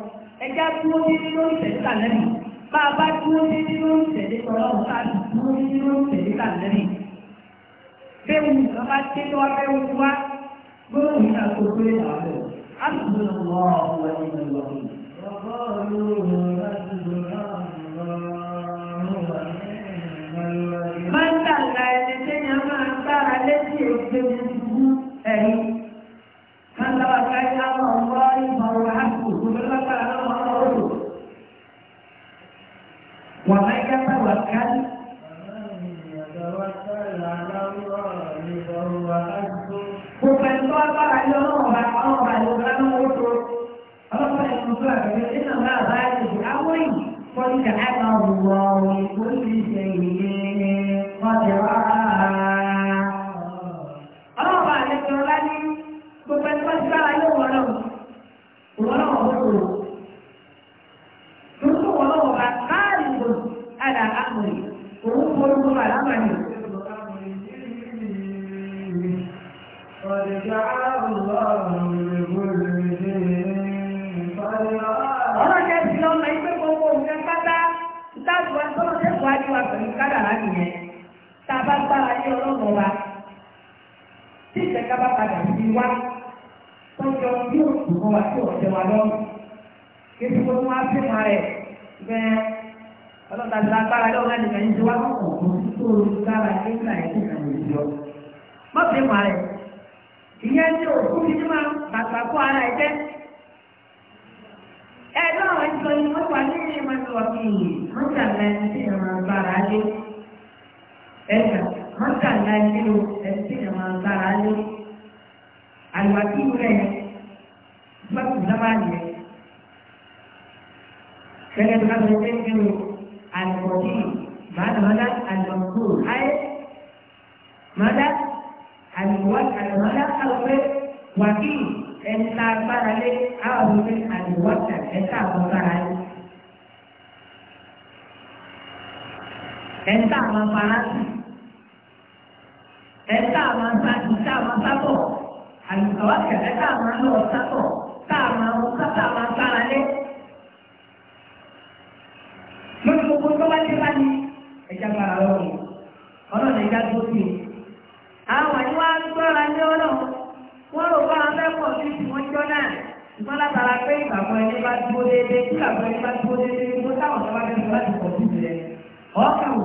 Ẹja tó ń délé nínú ìtẹ̀lé ìlànà bá a bá dúró ní nínú ìtẹ̀lé ọlọ́run ká dúró ní nínú ìtẹ̀lé kàlẹ́rì bẹ́ẹ̀ ni wọ́n bá dé lọ́wọ́ bẹ́ẹ̀ wọ́n wá ń ẹni tí máa ń gbára létí ẹ̀yìn. ومن يتوكل Gbogbo ẹni tó agbára yọ ọlọ́ọ̀bá ọlọ́ọ̀bá ìlúgbà náà ó tó ọlọ́pàá ìlú tó àgbẹ̀rẹ̀ nínú náà báyìí àwọn èyí fọ́nìkà àgbà ọ̀rùn ọ̀rùn ìgbóríṣẹ́ ìrìn.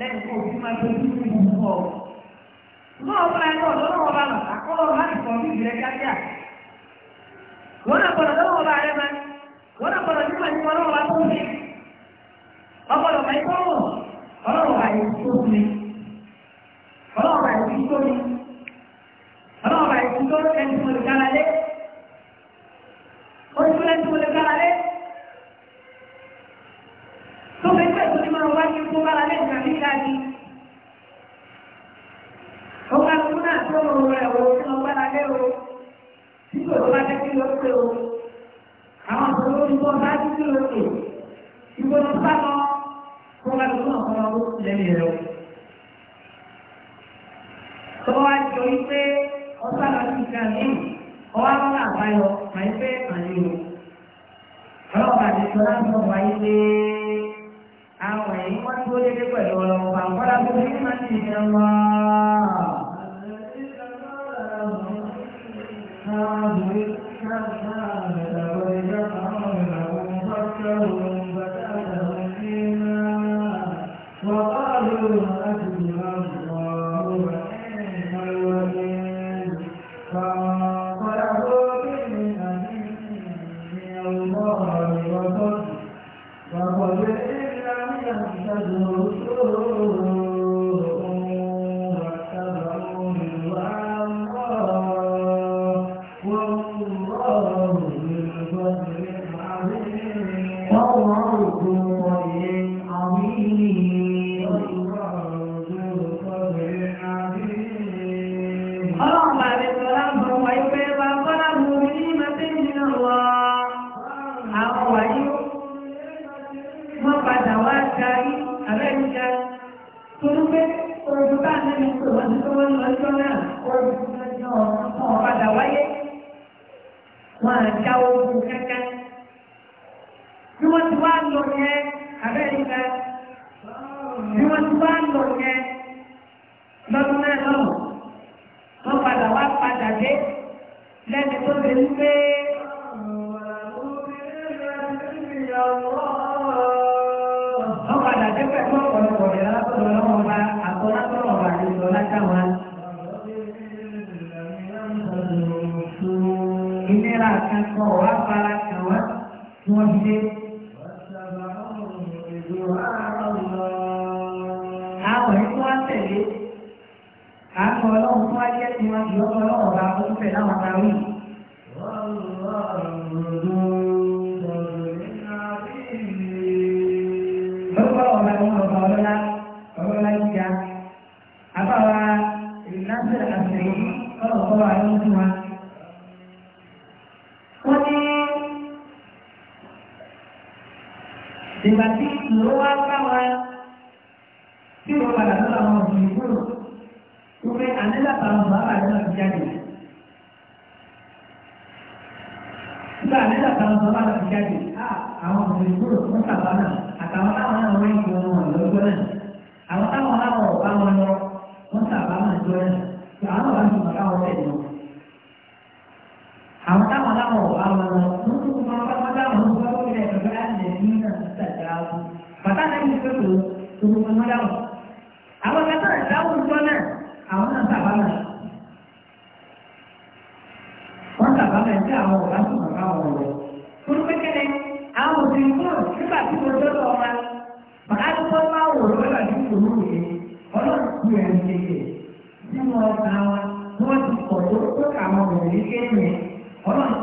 lẹ́yìn kó bí máa tó dúró ní ìlú ọ̀. Náà bá ẹ bọ̀ lọ́wọ́ ọba lọ, àkọ́lọ́ láti kọ̀ ní ìrẹ́ kíákíá. Wọ́n náà gbọ́dọ̀ lọ́wọ́ ọba rẹ máa, wọ́n náà gbọ́dọ̀ nípa nípa lọ́wọ́ ọba tó ń fi. Ọgbọ́dọ̀ máa ikọ́ wọ̀, ọlọ́wọ́ ọba yìí tó mi. Ọlọ́wọ́ ọba yìí tó mi. Ọlọ́wọ́ ọba yìí tó ẹni tó lè kára lé. Ó ti tó ẹni tó lè kára lé. ní tó bára lè gbà ní ìdájí. Ó bá náà tó mọ̀ rẹ̀ o, tí wọ́n bára o, tí kò bá jẹ́ kí ló pé o. Àwọn àbúrò ló ń bọ́ sáájú sí lókè. Ìgbóná sá lọ, kó bá tún náà kọ́ra ó lẹ́yìn rẹ̀ o. Tọ́wọ́ á jọ wípé ọ̀sán lọ sí ìgbà míì, ọwọ́ á lọ́nà àbáyọ, àìpẹ́ àyè o. Ọlọ́pàá ti sọ láti ọ̀pọ̀ ayé pé àwọn èyí wọ́n tó dédé pẹ̀lú ọlọ́pàá kọ́lá gbogbo ní máa ti jẹ wá. وقالوا Oh.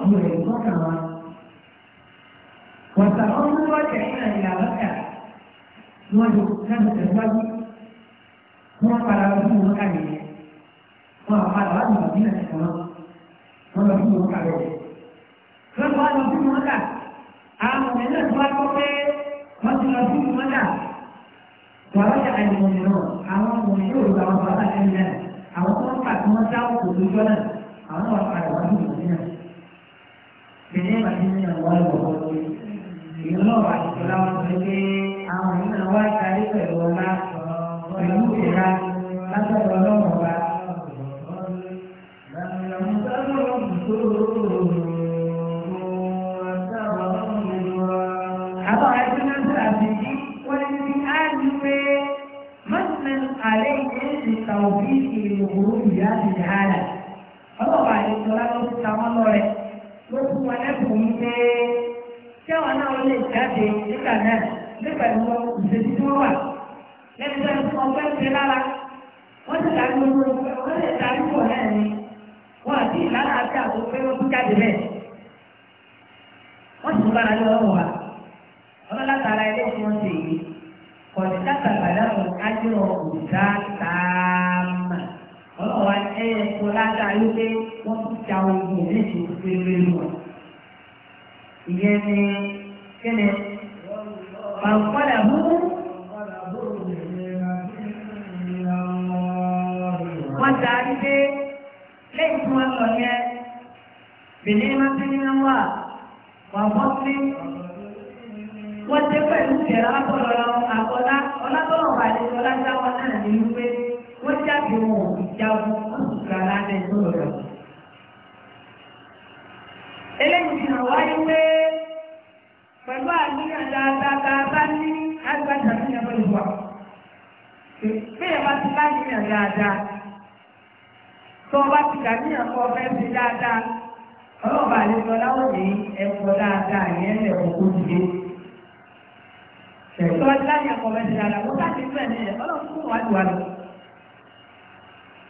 ọ̀gbìn rẹ̀ sọ́kàn wa. Wọ̀tà wọn mú wájà náà ní àwọ̀tà ni wọ́n ti kánú tẹ̀síwájú. Wọ́n padà wá sí wọn kàlẹ̀ Wọ́n àpàdà wá sí ẹ̀sìn wọn. Wọ́n lọ sí wọn kàlẹ̀ yẹn. Wọ́n wá sí wọn kà. Àwọn ọ̀nà náà ti wá kọ́ pé wọ́n ti lọ sí wọn kà. Wàhálà àìmọ̀ mìíràn, àwọn ọmọ yóò lọ àwọn Àwọn tó ń pàtó wọn dáwọ́ kò lójọ́ náà, àwọn náà wà padà náà tẹ̀lẹ́mà ní ní àwọn ìwọ̀wọ̀ lórí. Ìlú náà wà ní ìtura wọn sọ pé àwọn ìlú náà wá kárí pẹ̀lú ọlá pẹ̀lú ìlera látọ̀dọ̀ ọlọ́run wa. Àwọn àti náà sọ àbíyí wọ́n ní á ní pé mọ́tìmẹ́n àlẹ́ ìdí ìtàwọ̀ bí ìlú òwúrò ìyá ti dàhálà. Ọlọ́pàá ìtura ló ti ta wọ́n lọ́rẹ̀ẹ́. ló fún wọn lẹ́kùn pé ṣéwọ̀n náà lè jáde nígbà náà nígbà tí wọ́n ìṣèjú tí wọ́n wà lẹ́nu tó ń fún ọgbẹ́ ṣe lára ti dàbí lè dàbí náà ni àti ìlànà àti kú jáde sì lé wa látara ilé tí ṣe yìí kọ̀ọ̀dé jẹ́ ọlọ́wà ẹ ẹ̀kọ́ ládàá yóò pé wọ́n tún ja ogun méjì péré lọ. ìyẹn ni kẹ́lẹ̀ pàǹpálà mú. wọ́n ta wípé lẹ́yìn tí wọ́n sọ yẹn bìnrin máa ń tẹ́lẹ̀ náà wà wà wọ́n fi wọ́n tẹ́ pẹ̀lú ìjẹ́ra látọ̀lọ́lọ́ àkọ́lá ọlátọ̀lọ́ wà lẹ́yìn ọlá wọ́n jáde wọn ò jáwọ́ wọ́n sì gbà lálẹ́ tó lọ́rọ̀. eléyìí fi hàn wáyé dáadáa bá ní agbájá sí ẹgbẹ́ ìwà. bí ẹ bá ti dáadáa tó o bá ti dàníyàn kọ fẹ́ sí dáadáa ọlọ́ọ̀bà àlejò ẹ̀kọ́ dáadáa yẹn lẹ̀kọ́ kó dìde. láyé ẹ̀kọ́ dáadáa, wọ́n ti fẹ́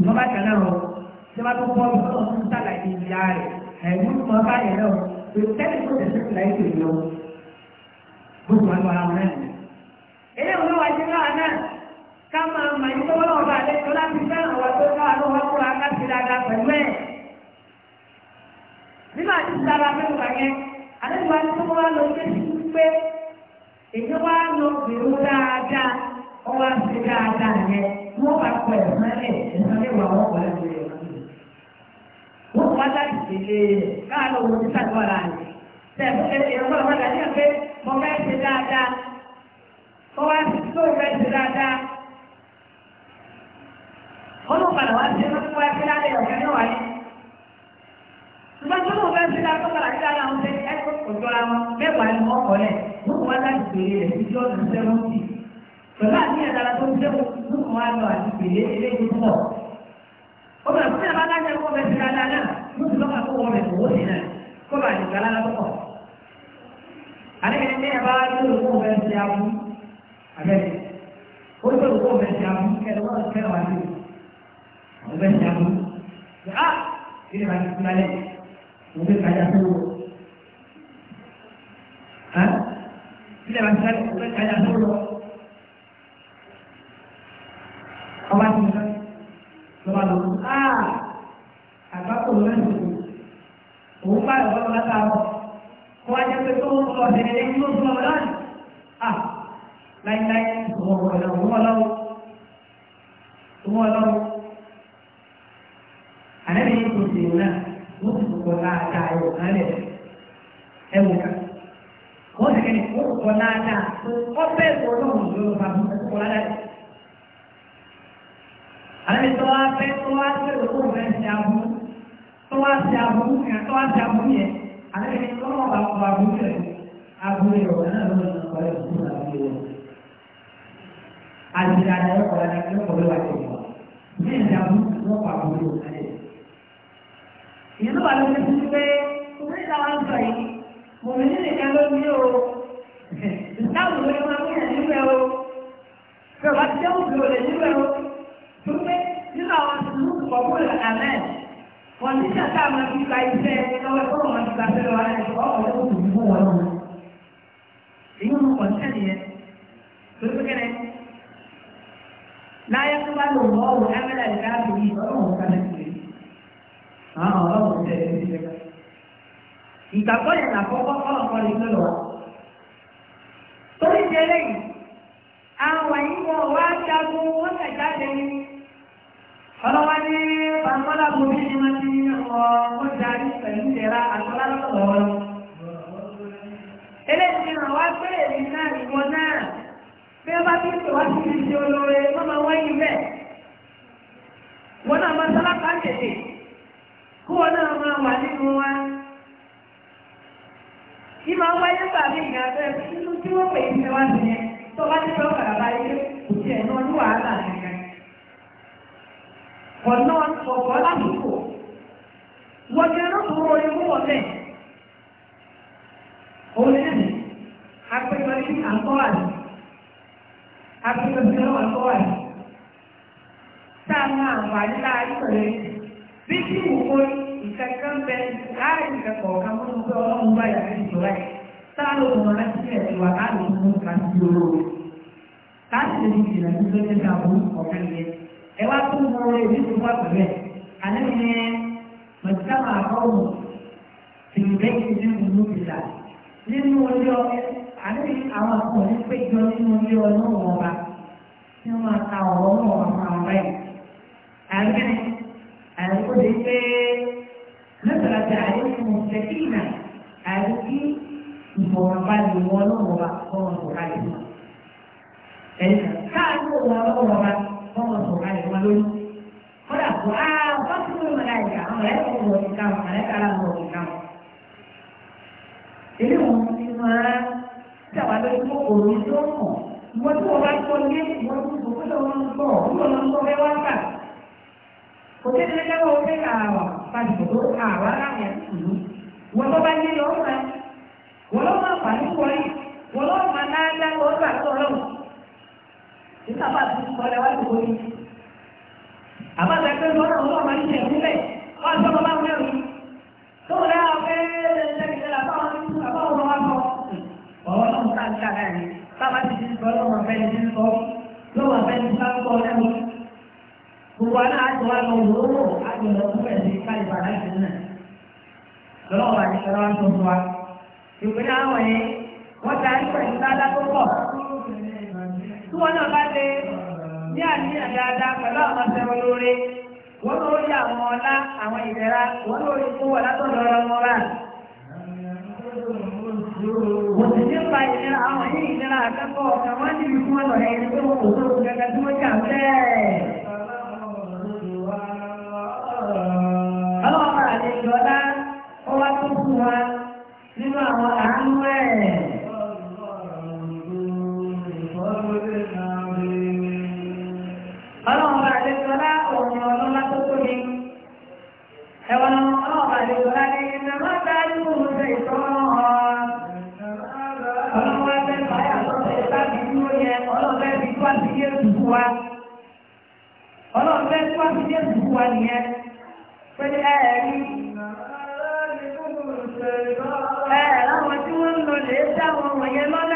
ìwọ́n bá kàn náà ṣé wàá tó bọ́ ọ̀rọ̀ tó ń sàlàyé ìyá rẹ̀ ẹ̀wọ́n tó máa bá yẹn náà tó tẹ́lẹ̀ tó tẹ̀sẹ̀ tó láyé tèmi lọ gbogbo àwọn ará wọn náà ni. eléyìí wọn wá sí náà náà ká máa mà ní tọ́wọ́ náà bá lẹ́yìn ọlá fi fẹ́ àwọn tó náà ló wá kúrò aká sí dáadáa pẹ̀lú ẹ̀. nínú àti sára mẹ́rin wà yẹn àlejò wa ní tó wá lọ sí pé èyí lọ gbèrú dáadáa ó wọ́n bá pẹ̀ mẹ́lẹ̀ ìsọ̀lẹ̀ wà wọ́n wà lórí rẹ̀. Wọ́n wá láti ṣèlè káàlọ́ wo ti sàgbọ́ ara rẹ̀. Tẹ̀sán ìrọ̀lọ́ ọ̀gá ní ọ̀gbẹ́ mo fẹ́ ṣe dáadáa. Mo wá tó fẹ́ ṣe dáadáa. Olùpadà wá sí ẹgbẹ́ fún wa sí láti ọ̀gá ní wà ní. Ṣùgbọ́n tí wọ́n fẹ́ ṣe dáadáa padà sí láti àwọn ṣe ẹgbẹ́ òjò Bàbá àti ẹ̀dára tó ń jẹ́ òkú kan wá lọ àti pèlè eléyìí pọ̀. Ó bẹ̀rẹ̀ fún ìyàbá láti ẹ̀kọ́ ọbẹ̀ ti dáadáa náà, ló ti lọ́kà tó wọ ọbẹ̀ tó wọ́n náà, kó bàa nìkan lára tó pọ̀. Àlẹ́kẹ̀ẹ́ ní ẹ̀bá yóò lóko ọbẹ̀ ti abú. Àbẹ̀rẹ̀ ó yóò lóko ọbẹ̀ ti abú kẹ́lẹ́ wọ́n ti kẹ́lẹ́ wá sí ọbẹ̀ ti abú. Á kí ni màá ti kúlẹ̀ lẹ́yìn? Mo kájà tó wọ. kí ni màá ti kúlẹ̀ kájà tó lọ? ọba ti mọ lọba lọ kó aa àgbákò lọ ní ìlú òun bá ìwọ lọ láta bọ kó wá jẹ pé tó ń lọ ọdẹ ẹdẹ yóò fún ọ lọ́nà a láíláí ìwọ ọ̀rọ̀ ìwọ ọlọ́wọ́ ìwọ ọlọ́wọ́ àlẹ́ mi kò sí ìwọ náà wọ́n ti kọ̀ dáadáa ẹ̀wọ̀ kálẹ̀ ẹ̀wọ̀ ká wọ́n ti kẹ́ni kó kọ̀ dáadáa ọbẹ̀ ìwọ náà wọ́n ti kọ̀ àbí tó wá fẹ́ tó wá tó lè kó fẹ́ ṣe aburú tó wá ṣe aburú yẹn tó wá ṣe aburú yẹn àbí ẹni tó wọ́n bá wọ aburú yẹn aburú yẹn ọ̀rọ̀ náà ló ń kọ́ ẹ̀ fún aburú yẹn. àdìrà ni ẹ̀ kọ́ ẹ̀ ẹ̀ kọ́ ẹ̀ wá tẹ̀ wọ́n ní ẹ̀dá aburú wọ́n kọ́ aburú yẹn kálẹ̀. ìyẹn ló wà ló ti fi pé omi ìta wá ń sọ yìí mo mi ní nìkan o Tókè nínú àwọn ìlúkù ọ̀pọ̀ ìlànà wọn ní ti gba iṣẹ́ lọ́wọ́ tó wọn ti gba fẹ́rẹ̀ wọn ẹ̀ṣọ́ ọ̀rọ̀ tó kù fún wọn lọ́wọ́. Èyí wọn kọ̀ sí ẹ̀yẹ. Tókè kẹ́rẹ́. Láyé tó bá lò wọ́ ọ̀wọ̀ ẹ̀mẹ́lẹ̀ ìdá àbìyí ọlọ́run kálẹ̀ kiri. Àwọn ọlọ́run tẹ̀ ẹ́ ti àwọn ìwọ̀n wá jagun wọ́n tẹ̀ jáde ní ọlọ́wọ́ ní pàmọ́lá kò bí ní wọ́n ti ọkọ̀ darí pẹ̀lú ìlera àtọ́lá lọ́wọ́ lọ́wọ́. eléyìí ti ràn wá pé èmi náà ìwọ náà bí wọ́n bá ti ń pè wá sí ibi ṣe olóore wọ́n máa wáyé bẹ́ẹ̀. wọ́n náà máa sọ́lá ká tètè kó wọ́n náà máa wà nínú wa. kí máa wáyé pàmí ìgbà bẹ́ẹ̀ tuntun tí wọ́n pè é ṣe wá sí yẹn tó bá ti fẹ́ ọ̀kadà bá yé kò tiẹ̀ náà ní wàhálà yẹn for not for other people. Wọ́jẹ́rọ́ kúrò ikú ọ̀lẹ́. Olẹ́ni, apẹ́kọ̀ọ́ sí àkọ́wàlì. Apẹ́kọ̀ọ́ sí ọwọ́ àkọ́wàlì. Sáàmù àǹfààní láàárín pẹ̀lú bí tí wù kó ìkẹ́kẹ́ ń bẹ láàárín ìkẹ́kọ̀ọ́ ọ̀kan mú pé ọlọ́run bá yàrá ìjọba yìí. Sáàlù ọmọ láti ṣe ẹ̀sìn wà láàárín ìmú kan sí olóró. Láti ìrìnàjò tó ní ìdààmú ọ̀kan yẹn ẹ wá tún mọ orí ìlú wà bẹ̀rẹ̀ àlẹ́ mi mọ̀tíkàmà àkọ́wò tìrìbẹ́ yìí nínú ìlú ìlà nínú orí ọ àlẹ́ àwọn àkọ́wò ní péjọ nínú orí ọ náà wọ̀ ọba tí wọ́n máa ta ọ̀rọ̀ náà àwọn àwọn ẹ̀ àgbẹ̀rẹ̀ àlùkò lè pé lọ́sọ̀rọ̀ àti àlékún ṣẹ́kìnà àlékí ìfọ̀rọ̀balẹ̀ wọn lọ́wọ́ bá fọ́nrán kò káyọ̀ wọ́n mọ̀ sọ̀rọ̀ ayé wọn lórí. kódà kó a wọ́n ti mú ìmọ̀lá ìjà àwọn ọ̀rẹ́ kò wọ̀ kíkà wọn ọ̀rẹ́ kára wọ̀ kíkà wọn. èyí wọn ti máa dàgbà lórí fún òru tó mọ̀ wọ́n tí wọ́n bá tọ́ ní wọ́n tún kò kódà wọn ń bọ̀ wọ́n ń bọ̀ bẹ́ẹ̀ wá gbà. kò tẹ́ tẹ́lẹ̀ lọ́wọ́ ó fẹ́ kà wà pàṣípò àwọn aláàyàn tìlú wọ́n tó bá ní lọ́wọ́ wọn lọ́wọ́ àǹfààní wọlé wọ́n lọ́wọ́ máa náà dá lọ́wọ́ àtọ́lọ́wọ́ nígbà ti sọ ẹ wá lóko ni àbáta pé lọ́rọ̀ lọ́rọ̀ máa ń ṣe ìpínlẹ̀ wọ́n á sọ́kọ́ bá ń mẹ́rin tó wọ́n dáa pé lẹ́gbẹ̀ẹ́ la báwọn ní àbáwọn ọmọ wa kọ́ ọ̀rọ̀ náà ń tàn kára ni bàbá ti ti sọ lọ́wọ́ fẹ́ ti sọ lọ́wọ́ fẹ́ ti sá kọ́ lẹ́nu gbogbo àná àjọ wa lọ wòó àjọ lọ fún ẹ̀sìn ká ìbàdàn ìṣẹ̀lẹ̀ lọ́wọ́ àti sọ́wọ́ sọ́wọ́ tó tí wọ́n náà bá lè ní àníyàn dáadáa pẹ̀lú àwọn ọ̀sẹ̀ olóore wọ́n ló àwọn ọlá àwọn ìlera wọ́n ló fún ọlá tó lọ́rọ́ wọn rà. Òṣìṣẹ́ pa ìlera àwọn yìí ìlera àkẹ́kọ̀ọ́ ọ̀kan ti fi fún ọ̀nà ẹni pé wọ́n kò tó oṣù kankan tí wọ́n jà wọlé. Ọlọ́run àlejò ọlá ó tó fún wa nínú àwọn àánú ẹ̀. fún wa ọlọ́run fẹ́ tí fi jésù fún wa nìyẹn pé ẹ̀ẹ́rí ẹ̀ẹ́ láwọn tí wọ́n ń lò lè dá wọ̀nyẹn lọ́nà.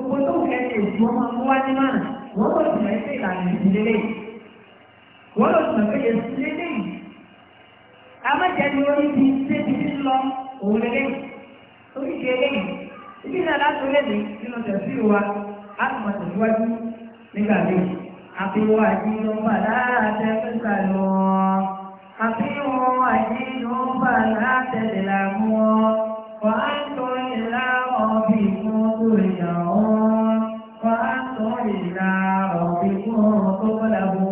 gbogbo tó ń kẹ́kẹ́ òjò ọmọ mú ní máa wọ́n lọ sí ẹ̀ ṣe ìlànà ìdílé wọ́n lọ sí ẹ̀ ṣe ìdílé yìí orí ti débi ti lọ òun lélẹ̀ orí ti eléyìí ibi náà láti lẹ́nu nínú tẹ̀sí wa a sì máa tẹ̀síwájú nígbà míì àfihàn àti lọ àfihàn àti وأنتم إلى ربكم ترجعون وأنتم إلى ربكم تغلبون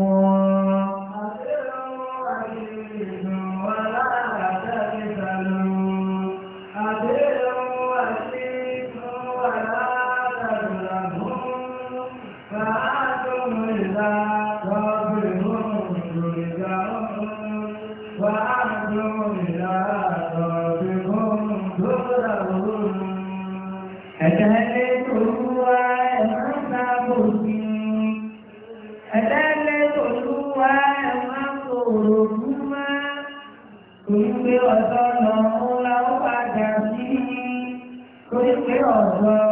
àwọn